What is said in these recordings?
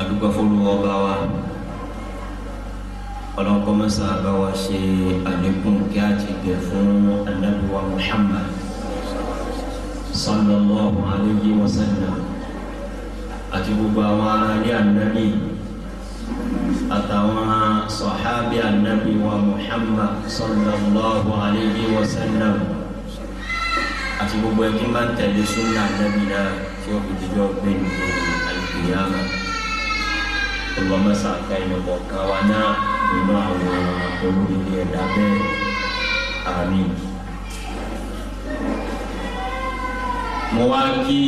adúgbò fọlọ́wọ́ bá wa ọlọ́kọ́ mẹ́sà bá wa ṣe àlékún kí a ti gbẹ fún Ànábì wa Muhammad sallallahu alayhi wa sallam àti gbogbo àwọn ará ilé Ànábì àtàwọn sọ̀hábì Ànábì wa Muhammad sallallahu alayhi wa sallam àti gbogbo ẹni bá ń tẹ̀lé súnà Ànábì náà tí ó fi jíjọ́ gbé olùwàmẹ́sà ká ìnàbọ̀ káwa náà nínú àwọn olóríire ẹ̀dá bẹ́ẹ̀ àmín. mo wá kí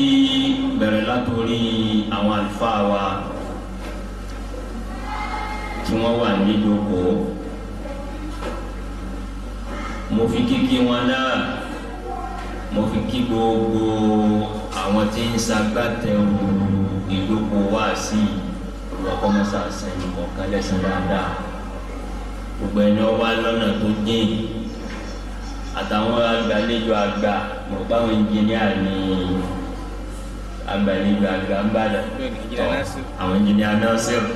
bẹ̀rẹ̀ látòrí àwọn àlùfáà wa tí wọ́n awatin níjókòó mo fi kíkí lọ́kọ́ mọ́sá sẹ́yìn kọ̀ọ̀kan lẹ́sìn dáadáa gbogbo ẹni ọwọ́ lọ́nà tó dín àtàwọn agbàlejò àgbà mọ̀pá àwọn ẹnjìníà ní agbàlejò àgbà ń bàdàn tọ́ àwọn ẹnjìníà náà sẹ́wọ̀n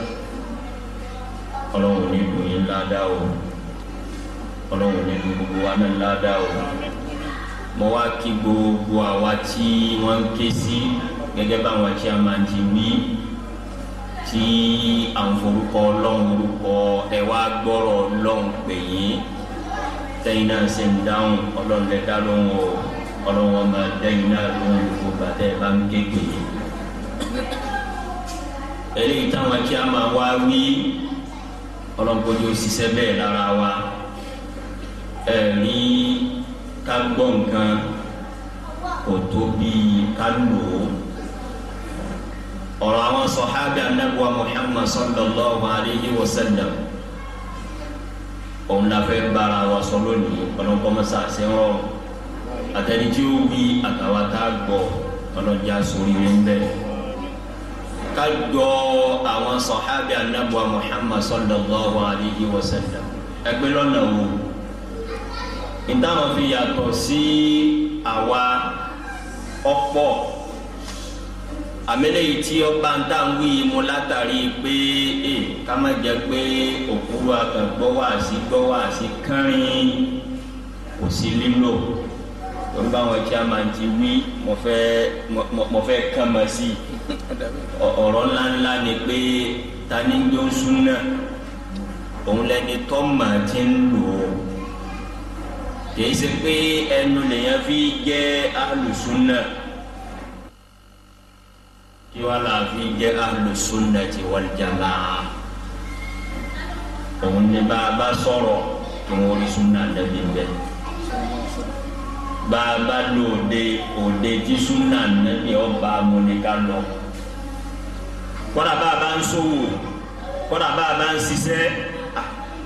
ọlọ́run ní ìlú yín ládàá o ọlọ́run ní ìlú gbogbo wa náà ládàá o mo wá kí gbogbo àwa tí wọ́n ń ké sí gẹ́gẹ́ báwọn tí a wí tí à ń forúkọ ọlọ́run orúkọ ẹ wá gbọ́rọ̀ ọlọ́run pè yín tẹ́yìn náà ṣe ń dáhùn ọlọ́run lẹ dá lóhùn o ọlọ́run ọmọ tẹ́yìn náà lóhùn gbogbo bàtẹ́ bá ń ké pè eléyìí táwọn kí a máa wá wí ọlọ́run kojú òṣìṣẹ́ bẹ́ẹ̀ lára wa ẹ̀rí ká gbọ́ nǹkan kò tó bíi ká lò ó ọ̀rọ̀ àwọn sọ̀hábì anábùwà Muhammad sallallahu alayhi wa sallam òun la fẹ́ bára wa sọ lónìí ọlọ́kọ́mọsá ṣe ń rọrùn àtẹni tí ó wí àtàwọn tá a gbọ́ ọlọ́jà sórí rẹ̀ ń bẹ̀. ká gbọ́ àwọn sọ̀hábì anábùwà Muhammad sallallahu alayhi wa sallam ẹgbẹ́ lọ́nà wo ìtàn fi yàtọ̀ sí àwa ọ̀pọ̀ àmẹ́lẹ́ yìí tí ọba ń tà ń wí mu látàrí pé ẹ ká má jẹ pé òkúrú akẹ́gbọ́ wá sí gbọ́ wá sí kánrin kò sí lílò torí báwọn tí a máa ti wí mo fẹ́ mo mọ́ sí ọ̀rọ̀ ńláńlá ni pé ta náà òun lẹni tọ́ mà ti ń lò ó kì í ṣe pé ẹnu lèèyàn fi jẹ́ alùsùn náà tí wàá là fi jẹ́ alùsùnàtì wàlìjàmà òun ni bá a bá sọ̀rọ̀ tó ń wọlé súnà nàbí bẹ́ẹ̀ bá a bá lò òde òde tí súnà nàbí ọba amúnika lọ kọ́dà bá a bá ń sòwò kọ́dà bá a bá ń ṣiṣẹ́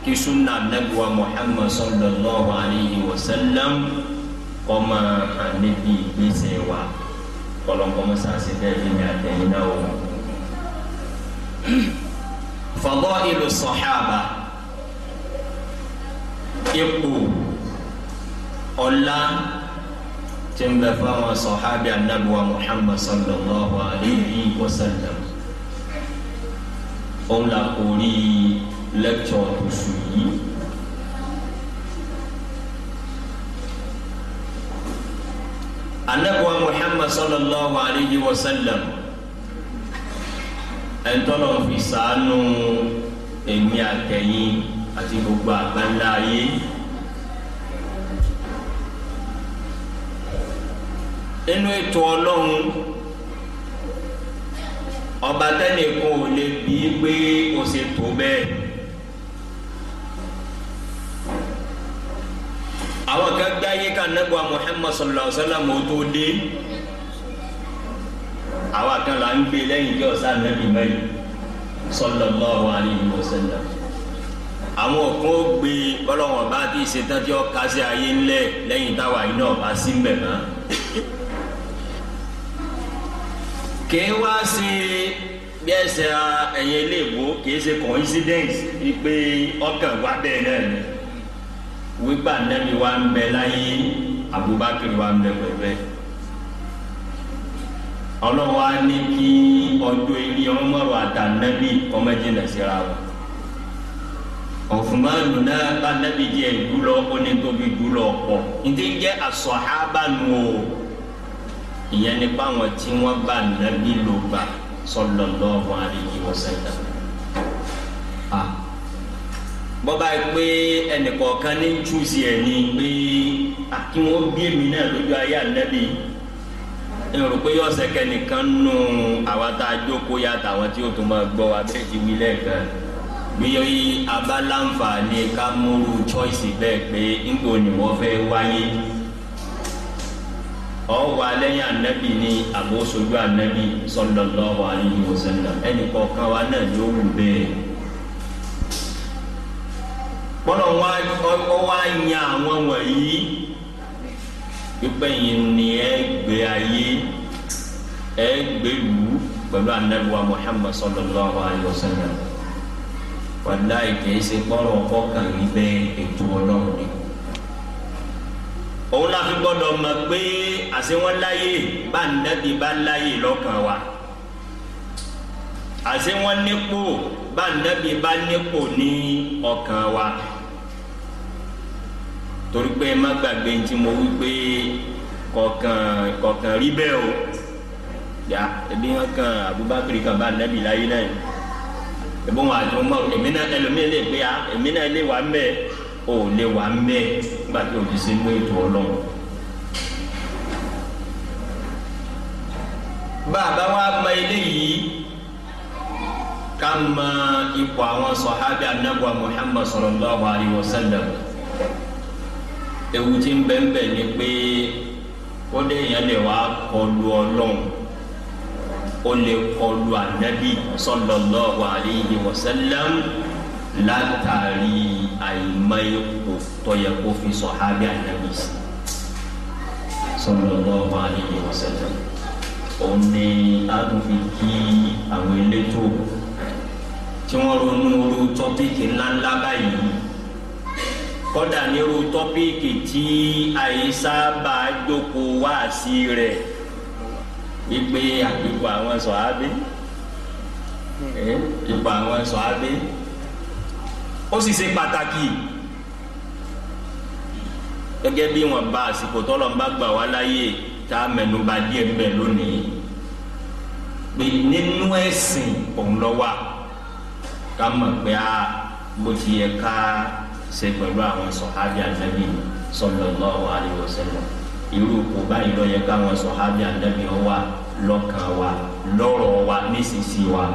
kí súnà nàbí wa Muhammad sallallahu alayhi wa sallam kọ́ máa hàn níbi ìgbésẹ̀ wa kọlọnkọmọ sanse bẹẹ fi mi àtẹyin náà o. fadailu sọhaba ipò ọlá tí ń bẹ fáwọn sọhábì anabuwa muhammad sallallahu alayhi wa sallam òun la kò rí lẹ́kítọ̀ tó sùn yìí muhammad sallallahu alayhi wa sallam ẹ̀ńtọ́lọ̀ fi sàánú èmi àtẹ̀yìn àti gbogbo àgbáńlá ayé. nínú ètò ọlọ́run ọba tẹ́nìkan ò lè bí pé o ṣe tó bẹ́ẹ̀. àwọn kan gbáyé kan nẹ́gbàá muhammad sallallahu alayhi wa sallam ó tó dé àwa kan là ń gbé lẹ́yìn ìjọ sànẹ́bí mẹ́yìn sallallahu alaihi wasallam àwọn kan ó gbé bọ́lọ́wọ́n bá ti ṣètọ́jú kásẹ̀ ayé ńlẹ̀ lẹ́yìn táwa iná ọba sí mbẹ̀ mọ́. kì í wá sí bí ẹsẹ̀ ẹ̀yìn iléèwò kì í ṣe coincidence pé ọkàn wá bẹ́ẹ̀ náà ni wípé ànẹ́bí wa ń bẹ láyé Abubakar wa ń bẹ pẹ̀lú ẹ̀ ọlọ́wọ́ á ní kí ọjọ́ ilé ọmọrò àtànẹ́bí ọmọ jìnnà síra wọn. ọ̀fùnmáàlù náà bá nẹ́bí jẹ́ ìdúlọ onítóbi dúlọ ọ̀pọ̀ ntí ń jẹ́ àsọ̀hábánu o ìyẹn ni báwọn tí wọ́n bá nẹ́bí ló gbà sallallahu alaihi wasallam. bọ́bá yìí pé ẹnìkọ̀ọ̀kan ní júùsì ẹ̀ ní pé àkínwó bí èmi náà lójú ayé ànẹ́bí ẹ̀rù pé yọ sẹ́kẹ̀ nìkan nù àwa tá a jókòó yá tàwọn tí o tún máa gbọ́ wa bẹ́ẹ̀ ti wí lẹ́ẹ̀kan bí abáláǹfààní ká múrú choice bẹ́ẹ̀ pé wáyé ọwọ alẹyìn anabi ni àbòsojú anabi sallallahu alaihi wasallam ẹnìkọ̀ọ̀kan wa náà ló wù kpọlọ àwọn wípé yìí ni ẹ gbé ayé ẹ gbé lù anabiwa muhammad sallallahu alayhi wa sallam wàláì kìí ṣe kpọ́rọ̀ ọkàn yìí bẹ́ẹ̀ ètò ọlọ́run ni. òun náà fi gbọ́dọ̀ mọ̀ pé àṣewọ́n láyè bá anabi bá láyè lọ́kàn wa àṣewọ́n bá anabi bá nípò ní ọkàn wa torí pé má gbàgbé ntí mo wí pé kọ̀ọ̀kan kọ̀ọ̀kan rí bẹ́ẹ̀ o yà ebi hàn kan Abubakar kan bá nàbì láyé náà ebi wọn àti ọmọ èmi náà ẹlòmíì lè pé a ah, èmi náà lè wà mẹ o lè wà mẹ nígbà tí o ti ṣe mú ètò Ọlọ́run. bàbá wa ma eléyìí ká ma ipò àwọn sọ̀hábì anábọ̀ Muhammad sallallahu alaihi wasallam ewu tí ń bẹ́ńbẹ́ ni pé kọ́dé yẹn lè wá kọlu ọlọ́run ó lè kọlu ànábì sallallahu alayhi wa sallam látàrí àìmọ̀ ipò tó yẹ kó fi sọ̀hábì ànábì sí sallallahu alayhi wa sallam òun ni a tún fi kí àwọn elétò tí wọ́n ronú orí tọ́pìkì ńláńlá báyìí kọ́dà nírú tọ́píìkì tí àyíṣà bá jókòó wá sí rẹ̀ wípé àgbègbè àwọn sọ̀hábí ìgbà àwọn sọ̀hábí ó sì ṣe pàtàkì gẹ́gẹ́ bí wọ́n bá àsìkò tọ́lọ̀ ń bá gbà wá láyè tá a mẹ́nu díẹ̀ ń bẹ lónìí pé nínú ẹ̀sìn òun lọ ká mọ̀ pé a ah, bó ti yẹ ká ṣe pẹ̀lú àwọn sọ̀hábì ànábì sallallahu alaihi wasallam irú kò báyìí lọ yẹ káwọn sọ̀hábì ànábì wà lọ́kàn wa lọ́rọ̀ wa nísinsìnyí wa.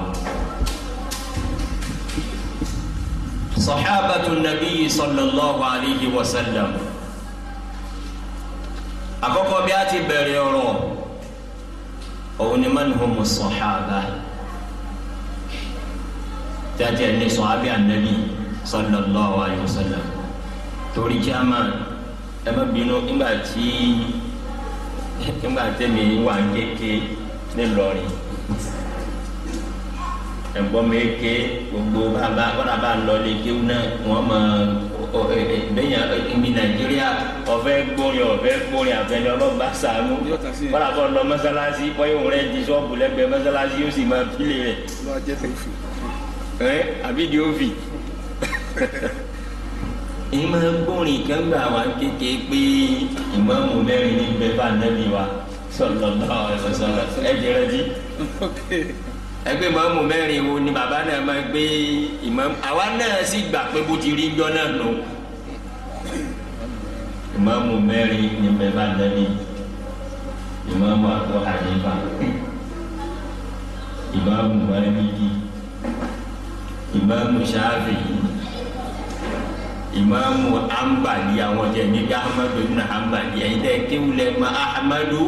صحابة النبي صلى الله عليه وسلم àkọ́kọ́ bí a ti bẹ̀rẹ̀ ọ̀rọ̀ òun ni man humu sọ̀hábà tí a ti ẹ̀ ní sọ̀hábì sallallahu alayhi wa sallam torí kí a máa ẹ má bínú nígbà tí nígbà tẹ̀mí wà ń kéke nílọrin ẹ̀gbọ́n mi ké gbogbo bàbá kọ́nà bá lọ lé kéwù náà wọ́n mọ e, bẹ́yà ibi e, nàìjíríà ọ̀fẹ́ gbórin ọ̀fẹ́ gbórin àfẹ́lẹ́ ọlọ́gbà sànú kọ́nà bọ́ lọ mọ́sálásí bọ́yọ̀ rẹ̀ di sọ́ọ̀bù lẹ́gbẹ̀ẹ́ mọ́sálásí yóò sì máa fílẹ̀ rẹ̀ ẹ́ àbídìí ó fì ìmọ̀ gbórin kan gbà wá kékeré pé ìmáàmù mẹ́rin ní bẹ́ẹ̀ bá nẹ́bí wa sọlọ́lá ọ̀sọ̀lọ́ ẹ̀jẹ̀ rẹ jí ẹgbẹ́ ìmáàmù mẹ́rin wo ni bàbá náà máa gbé ìmáàmù àwa náà sì gbà pé bó ti rí jọ náà nù ìmáàmù mẹ́rin ní bẹ́ẹ̀ bá nẹ́bí ìmáàmù àgọ́ àyíká ìmáàmù mẹ́rin yìí ìmáàmù sáfì yìí ìmáàmù Hanbali àwọn jẹ níbi Ahmadu ibn Hanbali ẹ̀yin tẹ́ kéwulẹ̀ ma Ahmadu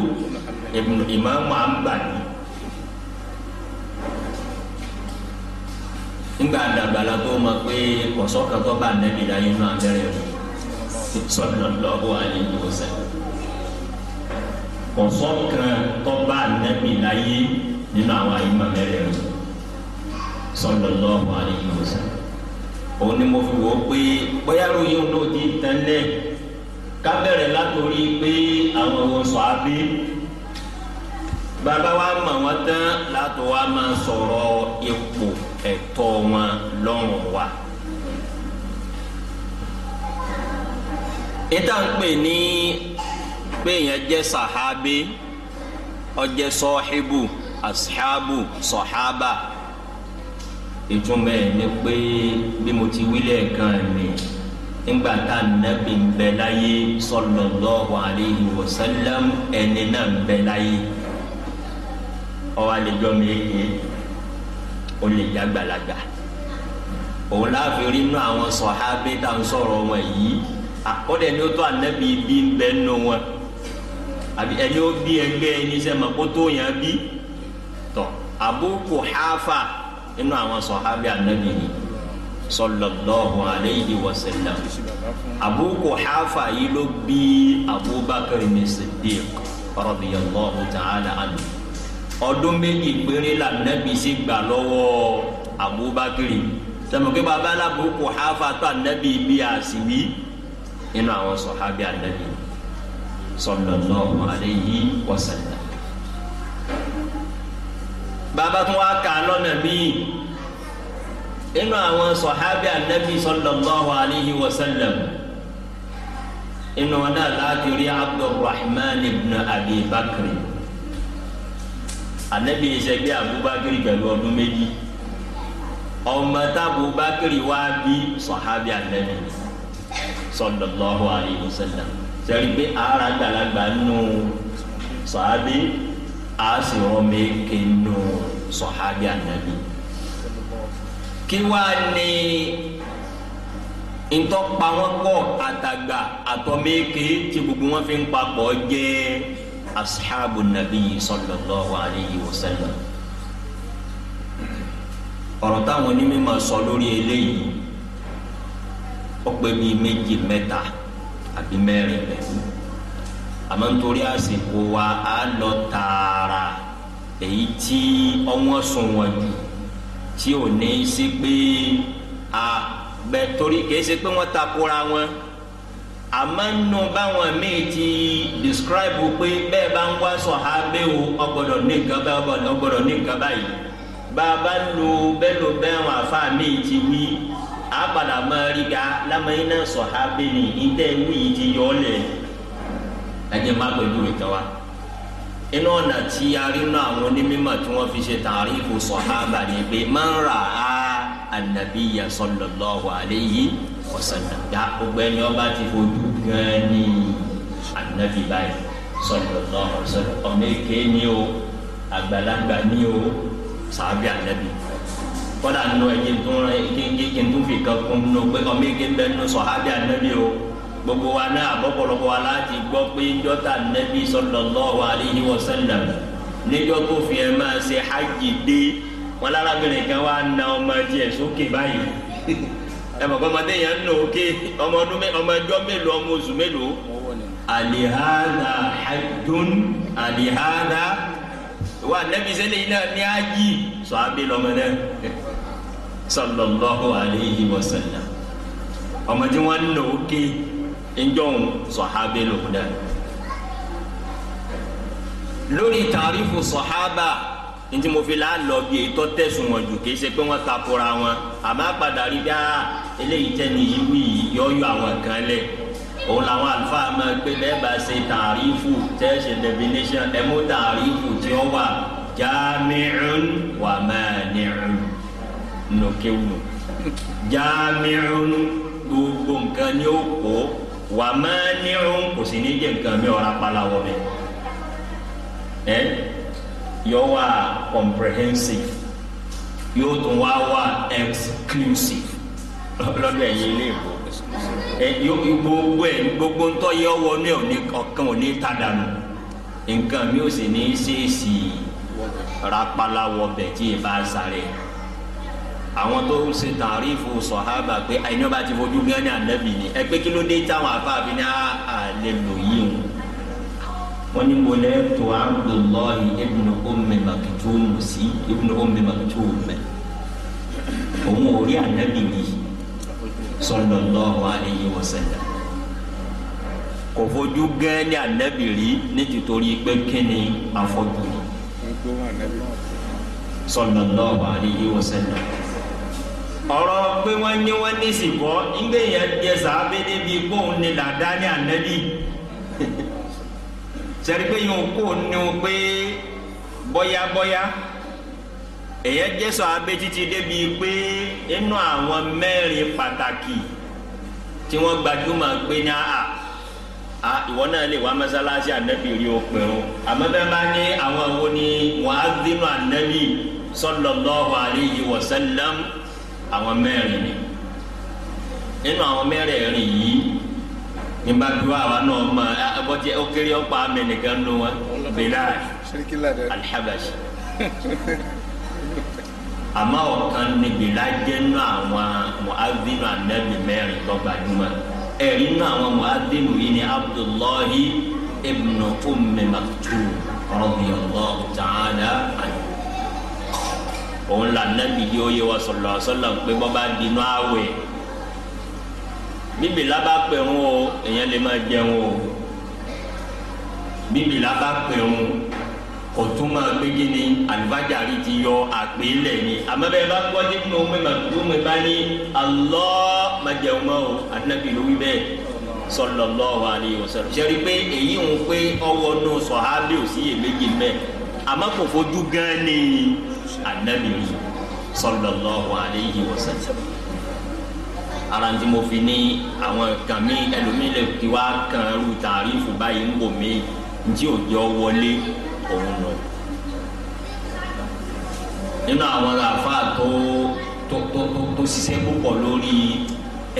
ìmáàmù Hanbali. nígbà dàgbàlá tó mọ̀ pé kọ̀sọ́kan tó bá nẹ́bí láyé náà bẹ̀rẹ̀ rẹ̀ sọ̀rọ̀ lọ́wọ́ àyè ìwòsàn kọ̀sọ́kan tó bá nẹ́bí láyé nínú àwọn àyè mọ̀ bẹ̀rẹ̀ rẹ̀ sọ̀rọ̀ lọ́wọ́ àyè ìwòsàn. òun ni mo fi wò ó pé bóyá ròyìn òun ti tẹ́lẹ̀ ká bẹ̀rẹ̀ látòrí pé àwọn wa mọ̀ wọ́n tán látò wa máa sọ̀rọ̀ wa. ìta ń pè ní pé èèyàn jẹ́ sàhábé ó ashabu sọ̀hábà. ìtumọ̀ ẹ̀ ni pé bí mo ti wílẹ̀ kan mi nígbà tá a nàbì ń bẹ láyé sallallahu alayhi wa sallam ẹni náà ń bẹ láyé ọwọ́ àlejò mi yé o lè já gbàlagbà òun láàfin rí àwọn sọ̀hábí tá à sọ̀rọ̀ wọn yìí àkọ́dẹ̀ ni ó tó ànábì bí ń bẹ nù wọn àbí ẹni ó bí ẹgbẹ́ ẹni sẹ́mi kó tó yàn bí tọ̀ Abu Kuhafa nínú àwọn sọ̀hábì ànábì yìí sallallahu alayhi wa sallam Abu Quhafa yìí ló bí Abubakar ní Siddiq radiyallahu ta'ala anhu ọdún méjì péré la ànábì sì gbà lọ́wọ́ Abubakar sẹmọkẹ bàbá Abu Quhafa tó ànábì bí àsìwí nínú àwọn sọ̀hábì ànábì sallallahu alayhi wa sallam bàbá tún wá kà á lọ́nà míì inú àwọn sọ̀hábì ànábì sallallahu alayhi wa sallam inú wọn náà láti rí abdulrahman ibn abi bakr ànábì yìí sẹ́gbẹ́ abubakar pẹ̀lú ọdún méjì ọmọ tábù bakr wá bí sọ̀hábì ànábì sallallahu alayhi wa sallam sẹ́rí pé ara gbàlagbà nù sọ̀hábì a sì wọn méke nù sọ̀hábí ànábì kí wàá ní ntọ́pa wọn pọ̀ àtàgbà àtọ́méke gbogbo wọn fi ń papọ̀ jẹ́ ashabu nabi sallallahu alayhi wa sallam ọ̀rọ̀ táwọn onímọ̀ sọ lórí eléyìí ó pé bíi méjì àbí mẹ́rin mẹ́rin àmọ́ nítorí àsìkò wa á lọ tààrà èyí tí ọwọ́n sùn wọ̀n jù tí ò ní í sí pé a bẹ torí kìí ṣe pé wọ́n takora wọn àmọ́ báwọn míì ti describe pé bẹ́ẹ̀ bá ń wá sọ̀hábẹ́ o ọgbọ́dọ̀ ní nǹkan báyìí ọgbọ́dọ̀ ní nǹkan báyìí bá a bá lo bẹ́ẹ̀ lo bẹ́ẹ̀ wọn àfa míì ti wí àpàdà máa rí ga lámọ́ iná sọ̀hábẹ́ ni ìdẹ́wù yìí ti yọ ọ́ lẹ̀ ẹjẹ má pẹ̀lú ìtàn wa inú ọ̀nà tí a rí nú àwọn onímọ̀ tí wọ́n fi ṣe tàrífù sọ̀hábà ni pé máa ń rà á ànàbíyà sallallahu alayhi wa sallam dá gbogbo ẹni ọba ti fojú gan ni ànàbí báyìí sallallahu alayhi wa sallam ọmọ èké ni o àgbàlagbà ni o sàábì ànàbí kọ́dà nínú ẹ̀jẹ̀ tó ń rẹ̀ kí n tó fi kankan nínú gbogbo wa náà àbọ̀pọ̀lọpọ̀ wa láti gbọ́ pé njọ́ta nẹ́bí sallallahu alaihi wasallam níjọ́ tó fi ẹ̀ máa ṣe hajj dé wọn lárábìnrin kan wá na ọmọ tiẹ̀ sókè báyìí ẹ mọ̀ kọ́ ọmọdé yẹn ń lò ókè ọmọ ọdún ọmọ ẹjọ́ mélòó ọmọ oṣù mélòó alihada hajjun alihada wa nẹ́bí sẹ́lẹ̀ yìí náà ní ají sọ abẹ́ lọ́mọdé sallallahu alaihi wasallam ọmọdé wọn ń lò ókè. Okay njọ́hun sọ̀hábẹ́ lòun náà lórí tàrífù sọ̀hábà ntí mo fi la lọ bí ètò tẹ̀sùn wọn jù kì í ṣe pé wọ́n takora wọn àmọ́ padà rí bí ah, eléyìí tẹ́ni yìí wí yọ́yọ́ àwọn kan lẹ̀ òun làwọn àlùfáà máa gbé bẹ́ẹ̀ bá ṣe tàrífù tẹ́sẹ̀ definition ẹ̀mú tàrífù tí ó wà jamiun wà maniun nùkéwù jamiun gbogbo nǹkan ni ó kó wà má nírun kò sì ní jẹ nǹkan mi ọ̀rá palawọ bẹ ẹ yọ wá comprehensive yóò tún wá wá exclusive lọ́dọ̀ ẹ̀yin ilé ìbò gbogbo ẹ̀ gbogbo ńtọ́ yẹ ọwọ́ ní òní ọ̀kan òní tàdánù nǹkan mi ò sì ní í ṣèèṣì rapala wọbẹ̀ tí ì bá sáré àwọn tó ṣe tàrífù sọ̀hábà pé àyìn ọba ti fojú gan ní ànábì ni ẹ pé kí ló dé táwọn afáàfin ní àlè lò yìí o wọn ní mo lẹ tó Abdullahi ibn Ummi Maktum sí ibn Ummi Maktum òun ò rí ànábì yìí sallallahu alayhi wa sallam kò fojú gan ní ànábì rí ní tìtorí pé kí ni àfọjú sallallahu alayhi wa sallam ọ̀rọ̀ pé wọ́n ní wọ́n ní sìnkọ́ ìgbé yẹn jẹ sàábé débi gbóhùn ni làdá ní ànábì sẹ́rí pé yóò kó nu pé bọ́yábọ́yá èyẹ jẹ́ sàábé títí débi pé inú àwọn mẹ́rin pàtàkì tí wọ́n gbajúmọ̀ pé ní àá a ìwọ náà lè wá mọ́sálásí ànábì rí o pẹ̀rún àmọ́ bẹ́ẹ̀ bá ní àwọn wo ni wọ́n á dínú ànábì sallallahu alayhi wa sallam àwọn mẹ́rin ni nínú àwọn mẹ́rẹ̀ẹ̀rin yìí ní bá dúró àwa náà mọ abọ́jẹ́ ó kéré ó pa àmì nìkan nù wọn Bilal Al-Habashi àmọ́ ọ̀kan ni Bilal jẹ́ nínú àwọn mu'adhdhinu anabi mẹ́rin tó gbajúmọ̀ ẹ̀rí nínú àwọn mu'adhdhinu yìí ni Abdullahi ibn Ummi Maktum radiyallahu ta'ala anhu òun là nàbì yìí ó yẹ wa sọlọ sọlọ pé bọba dinu awẹ bíbí laba pẹ̀rún o èèyàn lè má jẹun o bíbí laba pẹ̀rún kò tún máa gbégi ni alifajari ti yọ àgbélẹ̀ ni amẹ́bẹ́ bá gbọ́ nínú mẹ́màdúmọ́ bá ní alọ́ má jẹun mọ́ o ànábì ló wí bẹ́ẹ̀ sallallahu alayhi wa sallam sẹri pé èyí ń pé ọwọ́ nù sọ̀hábì ò sí iyèméjì mẹ́ àmọ́ kò gan ni anabi sallallahu alayhi wa sallam ara tí mo fi ní àwọn kan mi ẹlòmíì lè kí wá kan irú tàrífù báyìí ń bò mí ntí ò jọ wọlé òun lọ nínú àwọn àfa tó tó tó tó tó ṣiṣẹ́ púpọ̀ lórí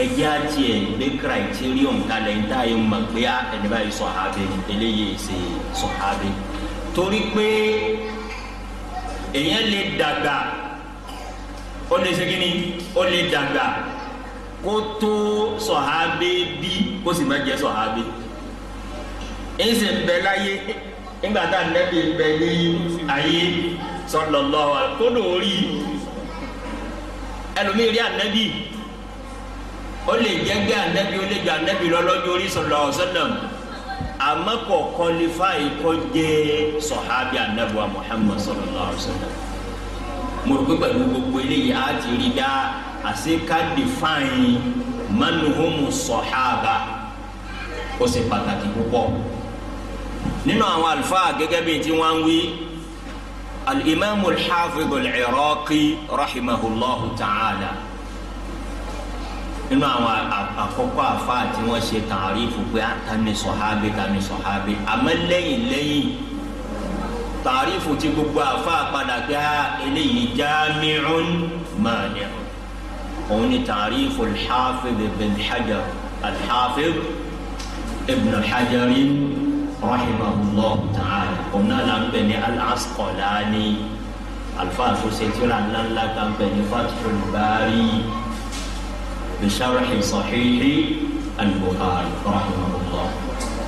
ẹjẹ́ àti ẹgbẹ́ criterion kalẹ̀ ń tà yín mọ̀ pé ẹni báyìí sọ̀hábẹ́ eléyìí ṣe sọ̀hábẹ́ torí pé èèyàn lè dàgbà ó lè ṣe kíni ó lè dàgbà kó tó sọ̀hábé bí kó sì má jẹ́ sọ̀hábé ẹ̀sìn bẹ láyé nígbà tá nẹ́bí bẹ ní ayé sallallahu alaihi kó lò ó rí ẹlòmíì rí ànẹ́bí ó lè jẹ́ gbé ànẹ́bí ó lè jẹ́ ànẹ́bí lọ́lọ́jọ́ orí sallallahu alaihi wasallam àmọ́ kò kọlifáì kó jẹ́ sọ̀hábì anabuwa muhammad sallallahu alayhi wa sallam mo rò pé pẹ̀lú gbogbo eléyìí á ti rí dá àṣẹ ká define manuhumu sọ̀hábà ó ṣe pàtàkì púpọ̀ nínú àwọn àlùfáà gẹ́gẹ́ bíi tí wọ́n ń wí al-imam al-hafiz al-iraqi rahimahullahu ta'ala nínú àwọn àkọ́kọ́ àfáà tí wọ́n ṣe tààrífù pé àtàmì sọ̀hábì tàmì sọ̀hábì àmọ́ lẹ́yìn lẹ́yìn tààrífù tí gbogbo àfáà padà pé á eléyìí jámíún màánì òun ni tààrífù alḥáfidh ibn hajar alḥáfidh ibn hajar rahimahullah ta'ala òun náà là ń pè ní al-Asqalani alfa àfọ̀ṣẹ́tìrà ńláńlá kan pè ní Fathul بشرح صحيح البخاري رحمه الله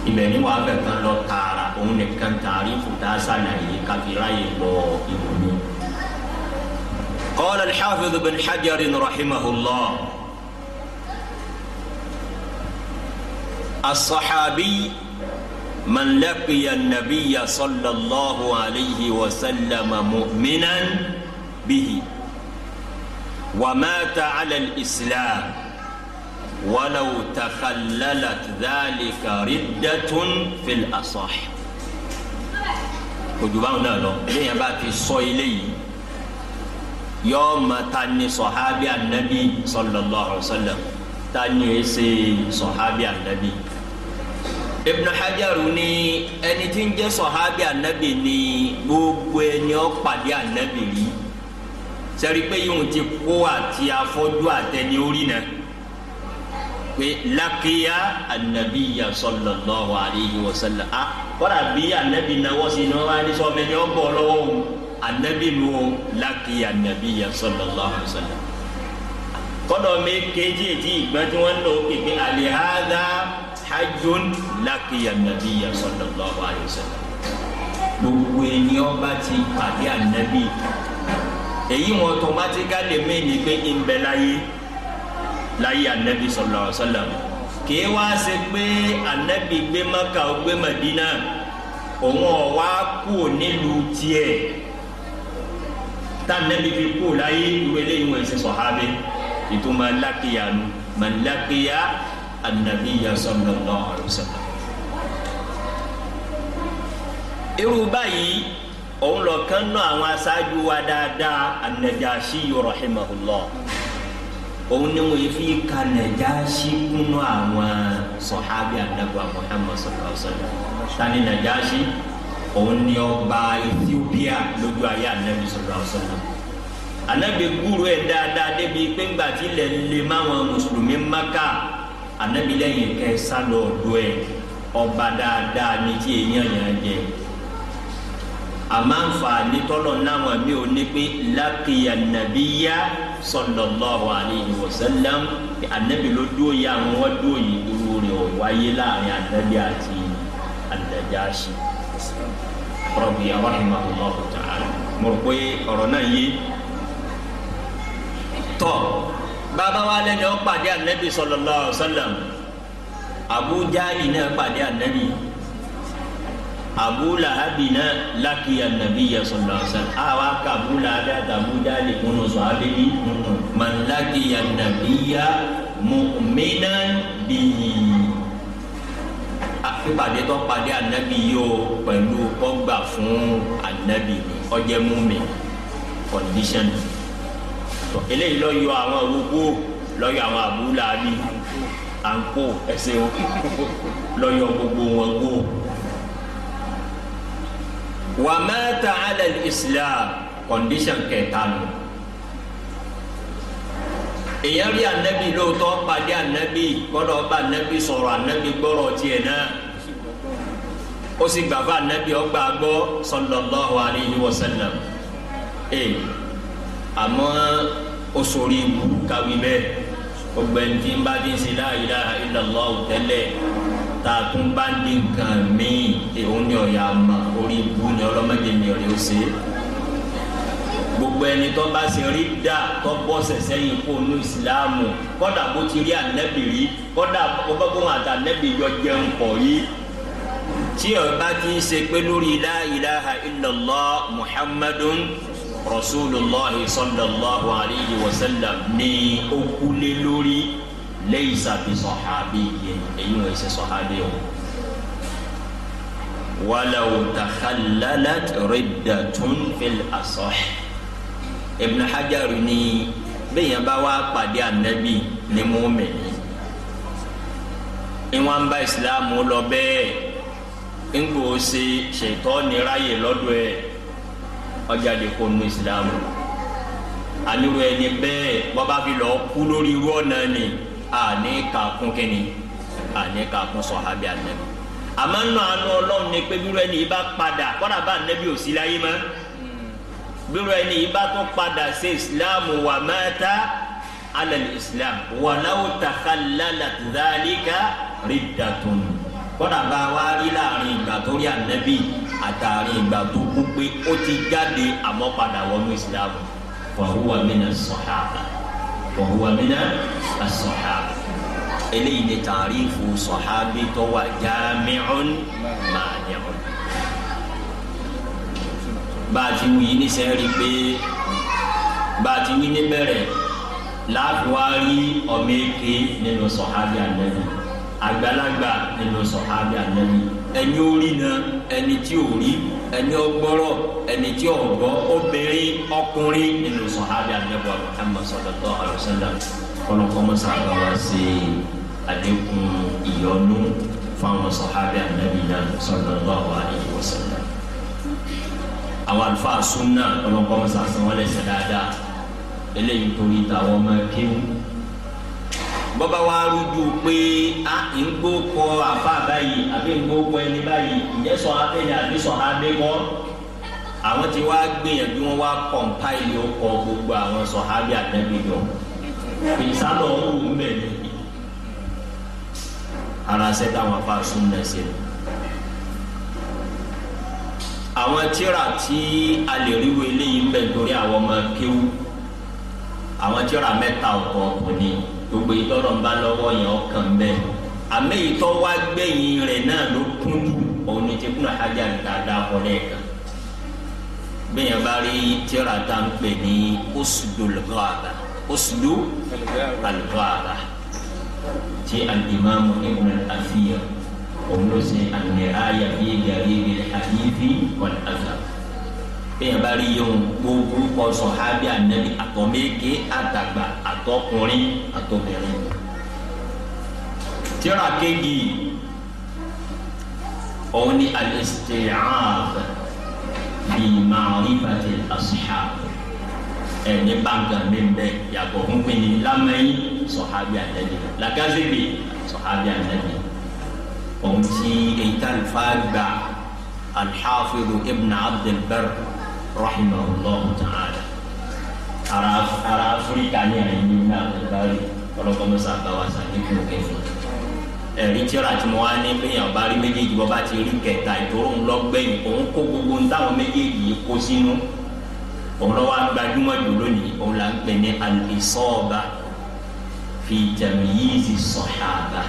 إبني وابن wàá fẹ́ kan كان تعريف òun nìkan tààrífù قال الحافظ بن حجر رحمه الله الصحابي من لقي النبي صلى الله عليه وسلم مؤمنا به ومات على الإسلام walawu takhalala dhalika riddatun fil asah ojúbáwọn náà lọ eléyàn bá fi sọ ilé yìí yọọ ma ta ni sọhábì anabi sallallahu alaihi wasallam ta ni o ṣe sọhábì anabi ibn hajar ni ẹni tí ń jẹ sọhábì anabi ni gbogbo ẹni ó pàdé anabi rí sẹ́rí pé yóò ti kó àti afọ́jú àtẹni orí náà pé lakiya anabiya sallallahu alayhi wa sallam a kọ́ra bí anabi náwó sí ni wọ́n bá ní sọ́ọ́ mẹ́jọ bọ̀ lọ́wọ́ anabi nu o lakiya anabiya sallallahu alayhi wa sallam kọ́dọ̀ mi kéjì ètí ìgbà tí wọ́n ń lò kéke alihada hajjun lakiya anabiya sallallahu alayhi wa sallam gbogbo ènìyàn bá ti pàdé anabi èyí wọn tó má ti ká lè mí ni pé ń bẹ láyé láyé anabi sallallahu alaihi wasallam kìí wá ṣe pé anabi gbé maka ó gbé madina òun ọ̀wá kú nílùú tiẹ̀ tá anabi fi kú láyé irú eléyìí wọ́n ṣe sọ̀hábẹ́ ìtumọ̀ lákìyà nu màlákìyà anabi ya sallallahu alaihi wasallam. irú báyìí òun lọ kán náà àwọn aṣáájú wa dáadáa anajashi rahimahullah òun ni wọ́n fi ka Najashi kúnú àwọn sọ̀hábì àdàgbà Muhammad sallallahu alaihi wasallam tani Najashi òun ni ọba Ethiopia lójú ayé Ànábì sallallahu alaihi wasallam Ànábì gbúrò ẹ̀ dáadáa débi pé ńgbà tí ilẹ̀ lè má wọn mùsùlùmí Mákà Ànábì lẹ́yìn kẹ́ sálọ ọ̀dọ́ ẹ̀ ọba dáadáa ní tí èèyàn yàn jẹ́ àmàǹfààní tọ́lọ̀ náwọn mi ò ní pé lákìyà nàbíyá sallallahu alayhi wa sallam ànábì ló dúró yá àwọn wọn dúró yìí irú rẹ̀ ò wáyé láàrin ànábì àti àdàjáṣe rọ̀bì rahimahullahu ta'ala mo rò pé ọ̀rọ̀ náà yé tọ́ bàbá wa lẹ́nu ó pàdé ànábì sallallahu alayhi wa sallam Abu Jahali náà pàdé ànábì yìí abu lahabi náà lakiya nabiyya sallallahu alaihi wasallam àwa ka abu lahabi àtàbù jáde kunu sọ́hábìbí man lakiya nabiyya mu'minan bihi àfipàdé tó pàdé pada yìí o pẹ̀lú ọgbà fún anabi ọjẹ́ múmi condition eléyìí lọ yọ àwọn arúgbó lọ yọ àwọn abu lahabi àǹkó ẹsẹ̀ lọ yọ gbogbo wọn gbó wa mata ala islam condition kẹta nù. èèyàn rí anabi lóòótọ́ pàdé anabi gbọ́dọ̀ bá anabi sọ̀rọ̀ anabi gbọ́rọ̀ tiẹ̀ náà ó sì gbàgbọ́ anabi ọgbà gbọ́ sallallahu alayhi wa sallam ee àmọ́ ó sori ìlú kàwé bẹ́ẹ̀ ọgbẹ́ntì ń bá dín sí la ilaha illallah tẹ́lẹ̀ takun bá ní nǹkan míì èhún ni ọ̀yà mà orí ibú ni ọlọ́mọdé ni ọ̀rẹ́ ó ṣe é gbogbo ẹni tó bá ṣe rí dà tó bọ́ sẹ̀sẹ̀ yìí kó nu ìsìláàmù kọ́dà bó ti rí ànẹ́bì rí kọ́dà bó bá bó àtà ànẹ́bì yọ jẹun pọ̀ yìí tí ọba ti ń pé lórí la ilaha illallah muhammadun rasulullah sallallahu alayhi wa sallam ni ó kú lé lórí leisa bi sọhabi yẹ eyi wo ẹsẹ sọhabi o walawu takhalalat riddatun fil asọh Ibn Hajar ni bẹ́yẹn bá wá pàdé ànábì ní mọ́mẹ́ni ìwọ̀n ń bá ìsìláàmù lọ bẹ́ẹ̀ ń kò ṣe ṣètọ́ ní ráyè lọ́dọ̀ ẹ̀ ọjà nu ìsìláàmù àníwò ẹni bẹ́ẹ̀ bọ́ bá fi lọ́ọ́ kú lórí àní kàkún kínní àní kàkún sọ̀hábì ànẹ́bí àmọ́ nù àánú ọlọ́run ni pé bírò ẹni yìí bá padà kọ́dà bá ànẹ́bí ò sí láyé mọ́ bírò ẹni yìí bá tún padà sí islam wà mẹ́ta alẹ́ islam wàláwù takhalala dhalika riddatun kọ́dà bá wá rí láàrin ìgbà tó rí ànẹ́bí àtàrin ìgbà tó kú pé ó ti jáde àmọ́ padà wọnú islam fa huwa mina sahaba wa huwa mina as-sahaba eléyìí ni tàrífù sọ̀hábí tó wà jámẹ́ọ̀n màníọ̀n. bá a ti wù yí níṣẹ́ rí i pé bá a ti wí níbẹ̀rẹ̀ láàbùwárí ọmọ èké nínú sọ̀hábí ànẹ́bí àgbàlagbà nínú sọ̀hábí ànẹ́bí ẹni orí na ẹni tí ò rí ẹni ọgbọ́rọ̀ ẹni tí ò gbọ́ obìnrin ọkùnrin nínú sọ̀hábì àdébọ̀ Muhammad sallallahu alaihi wasallam kọ́nọ́kọ́mọ́sá àgbàwá sí àdékùn ìyọnu fáwọn sọ̀hábì ànábì náà sallallahu alaihi wasallam. àwọn àlùfáà sunna kọ́nọ́kọ́mọ́sá sanwó-ẹlẹ́sẹ̀ dáadáa eléyìí torí tàwọn ọmọ kéwù bọ́ba wa rújú pé a ń gbó kọ àfa báyìí àbí ń gbó kọ ẹni báyìí ìjẹ́ sọ abẹ́ni àbí sọ abẹ́kọ́ àwọn tí wàá gbìyànjú wọn wá kọ̀ǹpáìlì ọkọ̀ gbogbo àwọn sọ abẹ́ àtẹ́bí ìsálọ̀ ọ̀hún ń bẹ̀ ni ara ṣẹ́ táwọn afa sún náà ṣe ni àwọn tíra tí a lè ríwo eléyìí ń bẹ̀ torí àwọn ọmọ kéwú àwọn tíra mẹ́ta ọ̀kọ̀ọ̀kan ni gbogbo ìtọ́rọ̀ ń bá lọ́wọ́ yẹn ọkàn bẹ́ẹ̀ àmọ́ ìtọ́ wá gbẹ̀yìn rẹ̀ náà ló kún jù òun ni tẹkùn àhájà níta dáàbọ̀ lẹ́ẹ̀kan bẹ́ẹ̀ bá rí tíra tá ń pè ní osùdó lọ́àbà osùdó àlùbọ́àbà tí alìmáàmù ibn al-afiyà òun ló ṣe àmì ráyà gàrí bíi àyífi wọn àgbà bẹ́ẹ̀ bá rí yẹn gbogbo kọ sọ̀hábí ànábi àtọ̀mẹ́kẹ́ àtàgbà àtọkùnrin àtọbìnrin. tíra kejì òun ni al-isti'ab bi ma'rifati al-ashab ẹni báńkà mímbẹ yàgò nkpéni lamẹyìn sọ̀hábí ànábi làkàzẹ́bì sọ̀hábí ànábi òun ti èyí tá a ibn Abd al rahimahullah ta'ala araf ara afirika ní àyè ní àbúgbárì ọlọ́kọ́mọ́sá àbáwáṣá ní kí n kẹ́ fún ẹ̀rí tíọ́ra tí mo wá ní péyàn bá rí méjèèjì bọ́ bá ti rí kẹta ìtòrò ńlọgbẹ́yìn òun kó gbogbo ń táwọn méjèèjì yìí kó sínú òun lọ́wọ́ agbájúmọ̀ jù lónìí òun là ń pè ní al-isaba fi tamyizi sahaba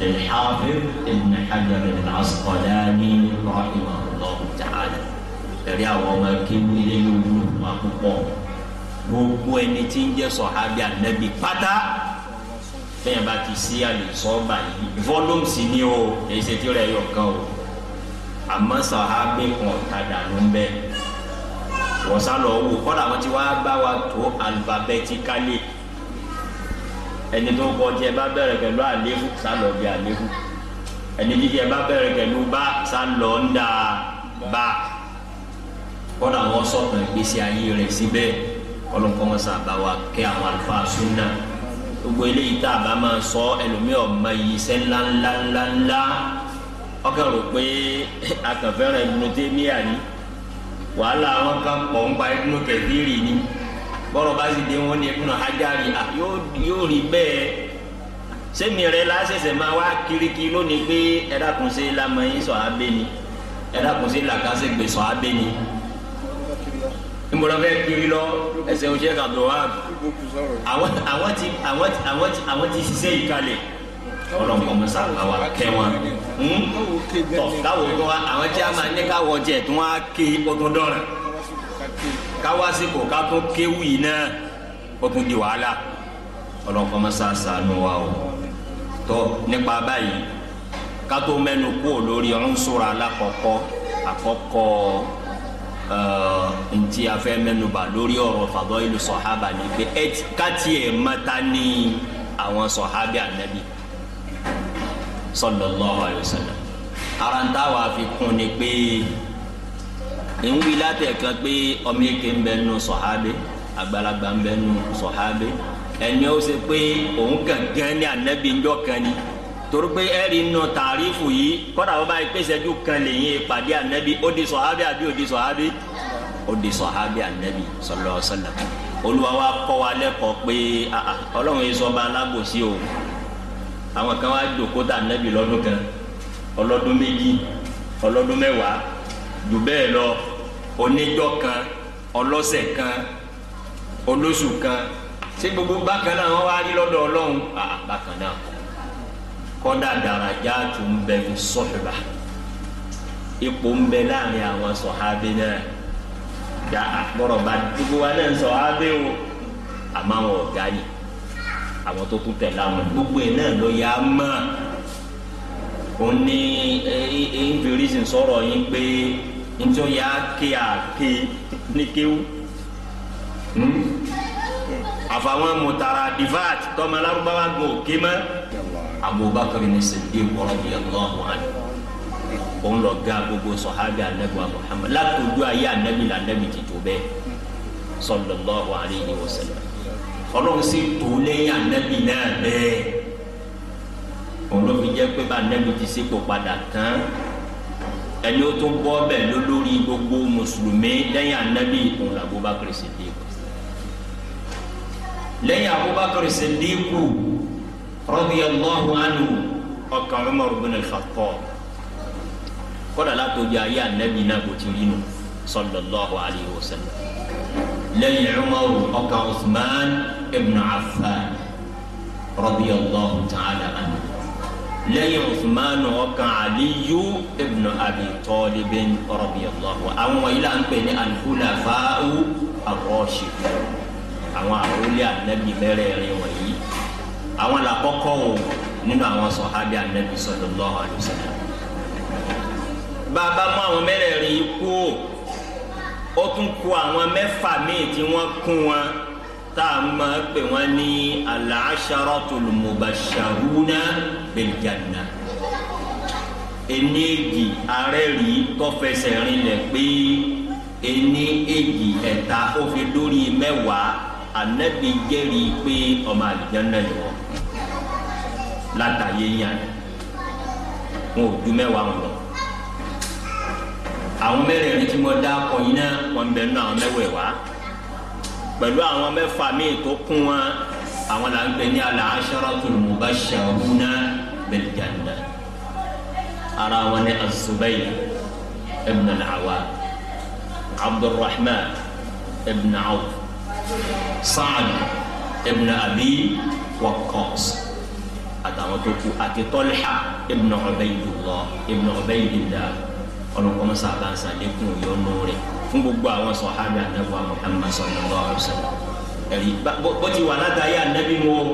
lil-hafiz ibn Hajar al-Asqalani rahimahullah ta'ala ẹ̀rí àwọn ọmọ kéwú ilé yòówù wọn púpọ̀ gbogbo ẹni tí ń jẹ́ sọ̀hábí ànábì pátá bẹ́ẹ̀ bá ti sí àlùsọ́ọ̀bà yìí volume sì ni o èyí ṣe tí ó rẹ̀ yọ̀ kan o àmọ́ sọ̀hábí kan ọ̀tadà ló ń bẹ́ wọ́n sá lọ wò kọ́dà wọn ti wá bá wa tó alifabẹ́tíkálì ẹni tó kọjá bá bẹ̀rẹ̀ pẹ̀lú àléébù sá lọ bí àléébù ẹni jíjẹ bá bẹ̀rẹ̀ pẹ̀lú bá sá lọ ń dà bá kọ́dà wọ́n sọ̀tàn ìgbésí ayé rẹ̀ síbẹ̀ kọ́lọ́nkọ́ wọn sábà wà kẹ́ àwọn àlùfáà súnà gbogbo eléyìí tá a bá máa sọ ẹlòmíràn ọmọ yìí iṣẹ́ ńláńláńláńlá ọkàn rò pé akànfẹ́ràn Ibn Taymiyyah ni wàhálà àwọn kan pọ̀ ń pa Ibn Kathiri ni bọ́rọ̀ bá sì dé wọn ní Ibn Hajari yóò rí bẹ́ẹ̀ sẹ́mi rẹ̀ lásẹ̀sẹ̀ máa wá kiriki lónìí pé ẹ̀dá kùn sí lamọ̀ yín sọ̀ abẹ́ni ẹ̀dá kùn sọ̀ abẹ́ni nbọlọfẹ kiri lọ ẹsẹ oṣẹ ka dọ wa àwọn ti àwọn ti àwọn ti àwọn ti ṣiṣẹ́ yìí kalẹ̀ ọlọmọmọsá àwa kẹ wọn hmm? tọ káwọ kọ àwọn tí a máa ní káwọ jẹ tí wọn á ké ọdún dọrọ káwásìkò ká tó kéwù yìí náà ó tún di wàhálà ọlọmọmọsá sànù wa o tọ nípa báyìí ká tó mẹ́nu kú lórí ọ̀hún sóra alákọ̀ọ́kọ́ àkọ́kọ́. Eh, ntí afẹ́ mẹ́nuba lórí ọ̀rọ̀ fadailu sọ̀hábà ní pé ẹ káti ẹ̀ mẹ́ta ní àwọn sọ̀hábì ànábì sallallahu alaihi wasallam ara ń táwa fi kún ni pé ìwúwi látẹ̀kan pé ọmọ èké ń bẹ nu sọ̀hábì àgbàlagbà ń bẹ nu sọ̀hábì ẹni ó ṣe pé òun kàn gán ní ànábì ńjọ́ kan ni. Sohabe, torógbé ẹ̀rí nù tààrífù yìí kọ́dà wọ́n báyìí pèsè ju kan lè yín ìpàdé o ó di sọ̀hábì àbí ó di sọ̀hábì ó di sọ̀hábì ànábì sallallahu alaihi wasallam olúwa wa kọ́ wa lẹ́kọ̀ọ́ pé ọlọ́run yìí sọ́ba alábòsí o àwọn kan wá jòkó tà ànábì lọ́dún kan ọlọ́dún méjì ọlọ́dún mẹ́wàá jù bẹ́ẹ̀ lọ oníjọ́ kan ọlọ́sẹ̀ kan olóṣù kan ṣé gbogbo bákan náà wọ́n wá rí lọ́dọ̀ ọlọ́run bákan náà kódà dàrájà tó ń bẹ fi sọ̀hìbà ipò ń bẹ láàrin àwọn sọ̀hábì náà gba àgbọ̀rọ̀ bá gbogbo wa náà sọ̀hábì o àmọ́ àwọn ọ̀gá ni àwọn tó kú tẹ̀lé àwọn gbogbo yẹn náà ló yá mọ́ òun ní ìfìrísìn sọ̀rọ̀ yín pé nítorí yá ké àké ní kéwú hmm? àfàwọn mùtàrà divat tọmọ alárúbáwá gbọ òkè mọ́ abubakar ní siddiq radiyallahu anhu òun lọ ga gbogbo sọ̀hábì anabi wa muhammad látòjú ayé anabi la anabi ti tó bẹ́ẹ̀ sallallahu alayhi wa sallam ọlọ́run sì tó lẹ́yìn anabi náà bẹ́ẹ̀ òun ló fi jẹ́ pé bá anabi ti sèpò padà tán ẹni ó tún bọ́ bẹ́ẹ̀ lólórí gbogbo mùsùlùmí lẹ́yìn anabi òun la abubakar siddiq lẹ́yìn abubakar siddiq radiyallahu anhu ọkàn Umar bin al-Khattab kódà látòjú ayé anabi náà kò ti rí nu sallallahu alayhi wa sallam lẹ́yìn Umar ọkàn Uthman ibn Affan radiyallahu ta'ala anhu lẹ́yìn Uthman ọkàn Aliyu ibn Abi Talib radiyallahu àwọn wọ̀nyí là ń pè ní al-khulafa'u ar-rashidun àwọn àròlé anabi mẹ́rẹ̀ẹ̀rin wọ̀nyí àwọn làkọ́kọ́ wò nínú àwọn sọ̀hábí anabi sallallahu alaihi wasallam. bàbá mú àwọn mẹ́rẹ̀ẹ̀rin yìí kú ó tún kú àwọn mẹ́fà míì tí wọ́n kún wọn tá a máa pè wọ́n ní al-asharatul mubashsharuna bil janna èjì arẹ́rì tọ́fẹsẹ̀ rinlẹ̀ pé ení èjì ẹ̀ta ó fi dórí mẹ́wàá ànábi jẹ́rìí pé ọmọ àlùjánnà ni wọ́n látàyè yàn wọn ò ju mẹ́wàá wọn lọ àwọn mẹ́rẹ̀ẹ̀rin tí mo dá kọ yín náà wọn ń bẹ nínú àwọn mẹ́wẹ̀ẹ̀wá pẹ̀lú àwọn mẹ́fà míì tó kún wọn àwọn là ń pè ní al-asharatul mubashsharuna bil jannah ara wọn ni az ibn al-Awwam Abdurrahman ibn Awf Sa'd ibn Abi Waqqas àwọn tó kú àti Talha ibn Ubaydullah ibn Ubaydillah ọlọ́kọ́mọ́ sábà ń sàlékún ìyọnu rẹ̀ fún gbogbo àwọn sọ̀hábì ànábì Muhammad sallallahu alaihi wasallam ẹ̀rí bó ti wà látàrí ànábì mu o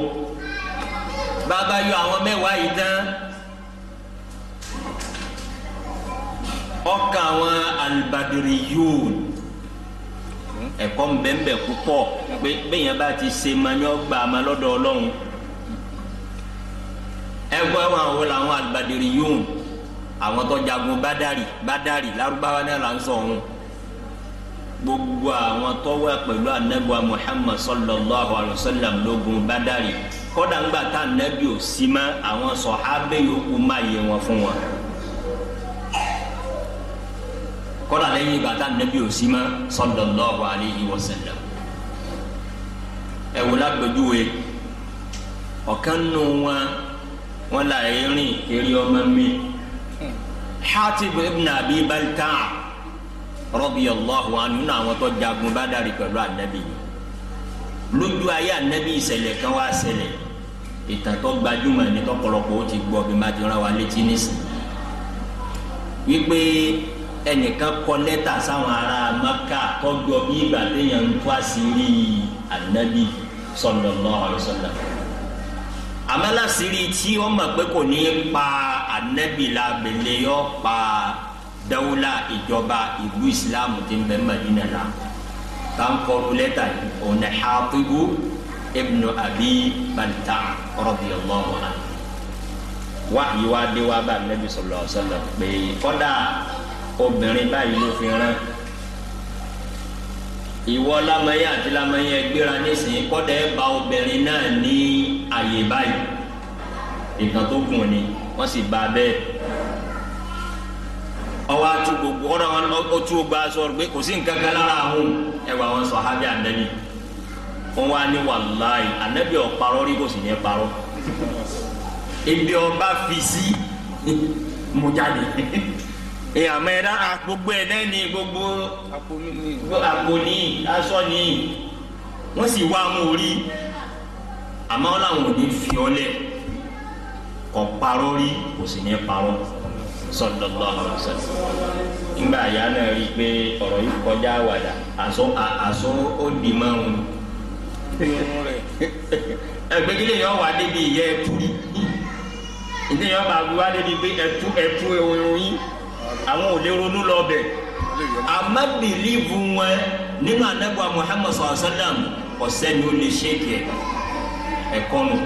bàbá yọ àwọn mẹ́wàá yìí tán ọkàn àwọn albadiriyun ẹ̀kọ́ ń bẹ́ẹ̀ púpọ̀ pé bẹ́ẹ̀ yẹn bá ti ṣe ma ní ọgbà ma lọ́dọ̀ Ọlọ́run ẹgbẹ́ wọn àwọn làwọn alibadiri yóò àwọn tó jagun bádàrí bádàrí lárúbáwá náà là ń sọ ọ̀hún gbogbo àwọn tó wà pẹ̀lú anabiwa muhammad sallallahu alayhi wa sallam lógun bádàrí kódà ńgbà tá anabi ò sí mọ́ àwọn sọ̀hábẹ́ yòókù má yẹ wọn fún wọn kódà lẹ́yìn ìgbà tá anabi ò sí mọ́ sallallahu alayhi wa sallam ẹ wò lágbèjúwe ọ̀kan nù wọn wọn là erin eré ọmọ mi Hatib ibn Abi Balta'a radiyallahu anhu nínú àwọn tó jagun Badari pẹ̀lú anabi lójú ayé anabi ìṣẹ̀lẹ̀ kan wá ṣẹlẹ̀ ìtàn tó gbajúmọ̀ ní tọ́pọ̀lọpọ̀ ó ti gbọ́ bí má ti rán wa létí nísìnyí wípé ẹnìkan kọ lẹ́tà sáwọn ará maka kọjọ bí ìgbà téèyàn ń tó àṣírí ànábì sallallahu alaihi wasallam amalásìrí tí ó mọ̀ pé kò ní pa anabila bẹ̀lẹ̀ yọ pa dawula ìjọba ìlú ìsìlámù tí ń bẹ Madina la kankọrọ lẹ́tà yìí òun ni ibn Abi Balta radiyallahu anhu wáyé wá dé wá bá nẹ́bí sọ̀lọ̀ sọ̀lọ̀ pé kọ́dà obìnrin báyìí ló fi rán ìwọ lamẹ́yẹ àti lamẹ́yẹ gbéra nísìnyí kọ́dà ẹ̀ bá obìnrin náà ní àyè báyìí nǹkan tó gùn ni wọ́n sì bá a bẹ́ẹ̀ ọwọ́ atu gbogbo ọ̀rọ̀ wọn otu gba sọ̀rọ̀ pé kò sí nǹkan kan lára àwọn ẹwà wọn sọ hábẹ́ ànábì wọn wá ní wàláì ànábì ọ̀parọ́ rí kò sì ní parọ́ ebi ọba fi sí mo jáde ìyàmọ ẹ̀dá gbogbo ẹ̀dá ni gbogbo àpò ní aṣọ ni wọ́n sì wá àwọn orí àmọ́ làwọn ò ní fi ọ́ lẹ̀ kò parọ́ rí kò sì ní parọ́ sallallahu alaihi wasallam nígbà àyà náà rí i pé ọ̀rọ̀ yìí kọjá àwàdà àṣọ àṣọ ó di márùn ẹgbẹ́ kílẹ̀ yọ wà débi ìyẹ́ ẹtú ìdí yọ bá wá débi pé ẹtú ẹtú ẹwọ̀n àwọn ò lè ronú lọ bẹ̀ àmọ́ bìlíìfù wọn nínú anábọ̀ Muhammad sallallahu alaihi wasallam ọ̀sẹ́ ni ó lè ṣe kẹ́ ẹ̀ ẹ̀kọ́ nù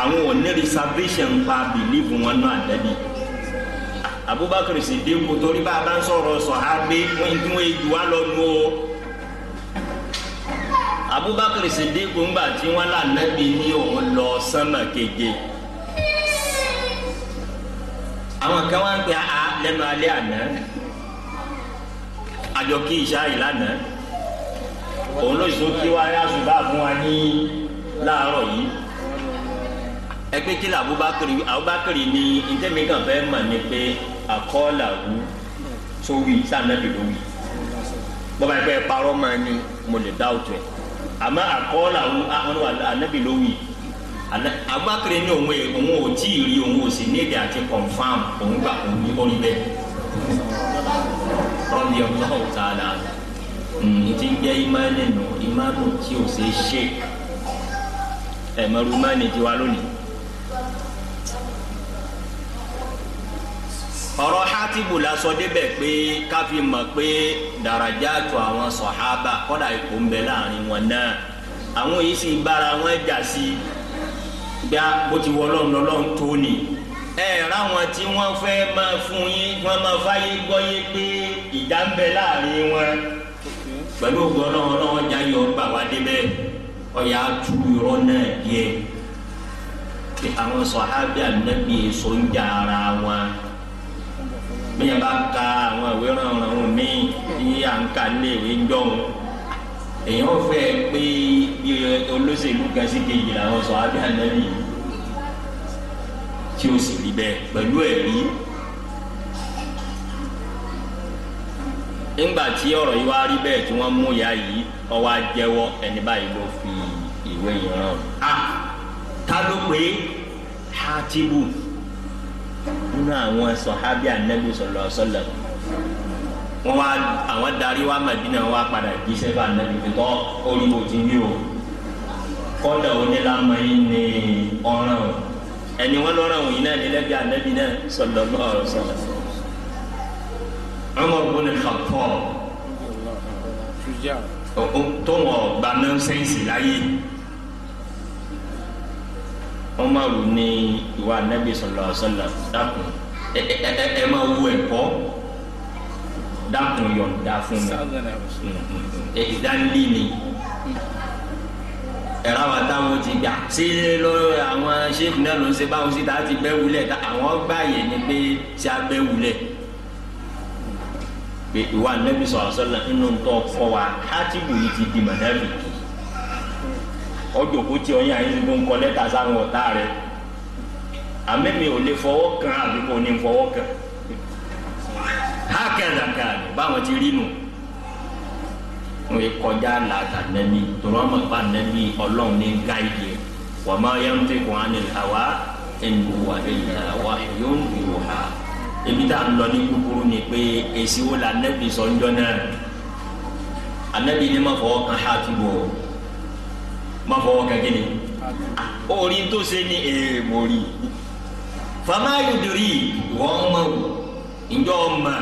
àwọn ò ní reservation pa believe wọn náà dẹ́bi Abubakar Sidiku torí bá a bá ń sọ̀rọ̀ sọ̀hábé wọ́n ti wọ́n ju wa lọ nù o Abubakar Sidiku ńgbà tí wọ́n là nẹ́bi ní òun lọ sánmà keje àwọn kan wá ń pè á lẹ́nu alẹ́ àná àjọ ìṣá yìí òun ló sọ kí wá ní àṣùbà fún wa ní láàárọ̀ yìí ẹgbẹ́ kí lè Abubakar Abubakar ni ntẹ́mi kan fẹ́ mọ̀ ní pé àkọọ́là wù sówì sànàbì ló wì bọ́ba ẹgbẹ́ parọ́ máa ní mo lè dá òtún ẹ̀ àmọ́ àkọọ́là wù àwọn ànàbì ló wì Abubakar ní òun òun ò tí ì rí òun ò sì ní èdè àti confam òun gbà òun ní orí bẹ́ẹ̀ rọ́ọ̀lì ọ̀gbọ́n ọ̀tá dáadáa ìtí ń jẹ́ ìmánì nù ìmánì tí ò ṣe é ṣe ẹ̀mọ́rú ìmánì tiwa lónìí. ọ̀rọ̀ hátìbù la sọ débẹ̀ pé ká fi mọ̀ pé dàrájà tó àwọn sọ̀hábà kọ́dà ipò ń bẹ láàrin wọn náà àwọn yìí sì bára wọn jà sí gbá bó ti wọ ọlọ́run lọ́lọ́run tó nì ẹ ráwọn tí wọn fẹ́ máa fún yín wọn máa fáyé gbọ́ yé pé ìjà ń bẹ láàrin wọn pẹ̀lú ògùn ọlọ́run ọjà yọ ọgbà wá débẹ̀ ọyà tu náà díẹ̀ kí àwọn sọ̀hábì ànábì èso ń jà ara wọn bíyẹn bá ka àwọn ìwé ránranrun míì tí à ń ìwé jọ̀hún èèyàn fẹ́ pé bí olóṣèlú kan sí kejì làwọn sọ̀hábì ànábì tí ó sì rí bẹ́ẹ̀ pẹ̀lú ẹ̀rí. ńgbà tí ọ̀rọ̀ yìí wá rí bẹ́ẹ̀ tí wọ́n mú ya yìí ó wá jẹ́wọ́ ẹni báyìí ló fi ìwé yìí rán a ta ló pé Hatibu nínú àwọn sọ̀hábíà nẹ́bí sọ̀lọ̀ sọ̀lọ̀ wọ́n wá àwọn darí wa Mẹ̀dínà wá padà jíṣẹ́ bá nẹ́bí fi tọ́ olùwò ti ní o kọ́dà onílàmọ́ yìí ni ọ̀ràn ẹni wọ́n lọ́ràn òyìn náà nílẹ̀ bí náà sọ̀lọ̀ sọ̀lọ̀ Umar ibn al-Khattab tó wọn gba nọ́ńsẹ́ǹsì láyé Umar ní ìwà Ànábì sallallahu alaihi wasallam dákun ẹ ẹ ẹ ẹ máa wú ẹ̀kọ́ dákun yọ̀ǹda fún mi ìdánilé ni ẹ̀rọ àwọn táwọn ti gbà sí lórí àwọn sèkú náà ló ń ṣe báwọn síta ti bẹ́ wulẹ̀ àwọn gbà yẹn ni pé ṣe abẹ́ wulẹ̀ pé ìwà nẹ́bí sọ̀rọ̀ sọ́lá nínú tó kọ́ wa hátìbù yìí ti di mọ̀nẹ́bì ọjọ́ kó tí ọyàn yìí ló ń kọ́ lẹ́tà sáwọn ọ̀tá rẹ̀ àmẹ́mi ò lè fọwọ́ kan àbí kò ní fọwọ́ kan hákẹ́dàkà báwọn ti rí nù wọ́n yẹ kọjá làtà nẹ́bí tòrọ́ mọ̀ bá nẹ́bí ọlọ́run ní gáìdì wàmọ́ yẹn ń tẹ̀kùn ánìlá wa ẹ̀ ń wà ẹ̀ ń yóò ń wò ha ibi tá à ń lọ ní kúkúrú ni pé èsì wo la nẹ́bi sọ́njọ́ náà anabi ni ma fọwọ́ kan hakimu o ma fọwọ́ kan gini orí tó ṣe ni ee mori fama yudiri wọn ma wò njọ ma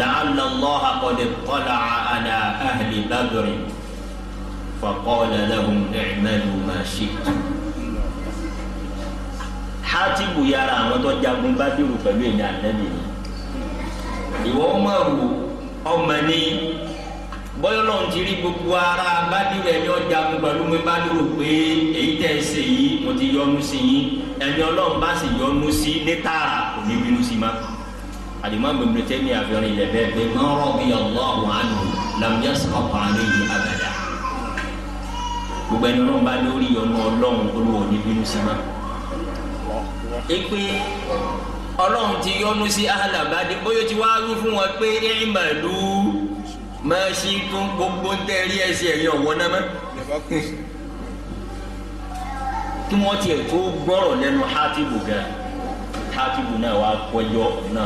la'allallaha qad tala'a ala ahli badri faqala lahum i'malu hátìbù yára àwọn tó jagun bá dìrò pẹ̀lú èmi ànẹ́bì ni ìwọ ọmọ wò ọmọ ni bọ́yọ̀ lọ́n ti rí gbogbo ara bá dìrò ẹni ọjà mu pẹ̀lú mi bá dìrò pé èyí tẹ̀ ẹ́ sè yìí mo ti yọnu sí yín ẹni ọlọ́run bá sì yọnu sí ní tààrà kò ní bínú sí ma àdìmọ́ gbogbo tẹ́mi àfihàn ilẹ̀ bẹ́ẹ̀ pé mọ́ rọ́bì ọlọ́run àánú làmúyẹ́ sọ̀kọ̀ àárẹ̀ yìí àgàdà gbogbo ẹni ọlọ́run bá lórí yọnu ọlọ́run olúwo ní bínú sí ma. pé ọlọ́run ti yọ́nú sí bóyá ti wá wí fún wọn pé ìmàlú máa ṣí tó gbogbo tẹ́rí ẹsẹ̀ ẹ̀yìn ọ̀wọ́ náà mọ́ kí wọ́n tiẹ̀ tó gbọ́rọ̀ lẹ́nu hátìbù gan hátìbù náà wàá kọjọ́ náà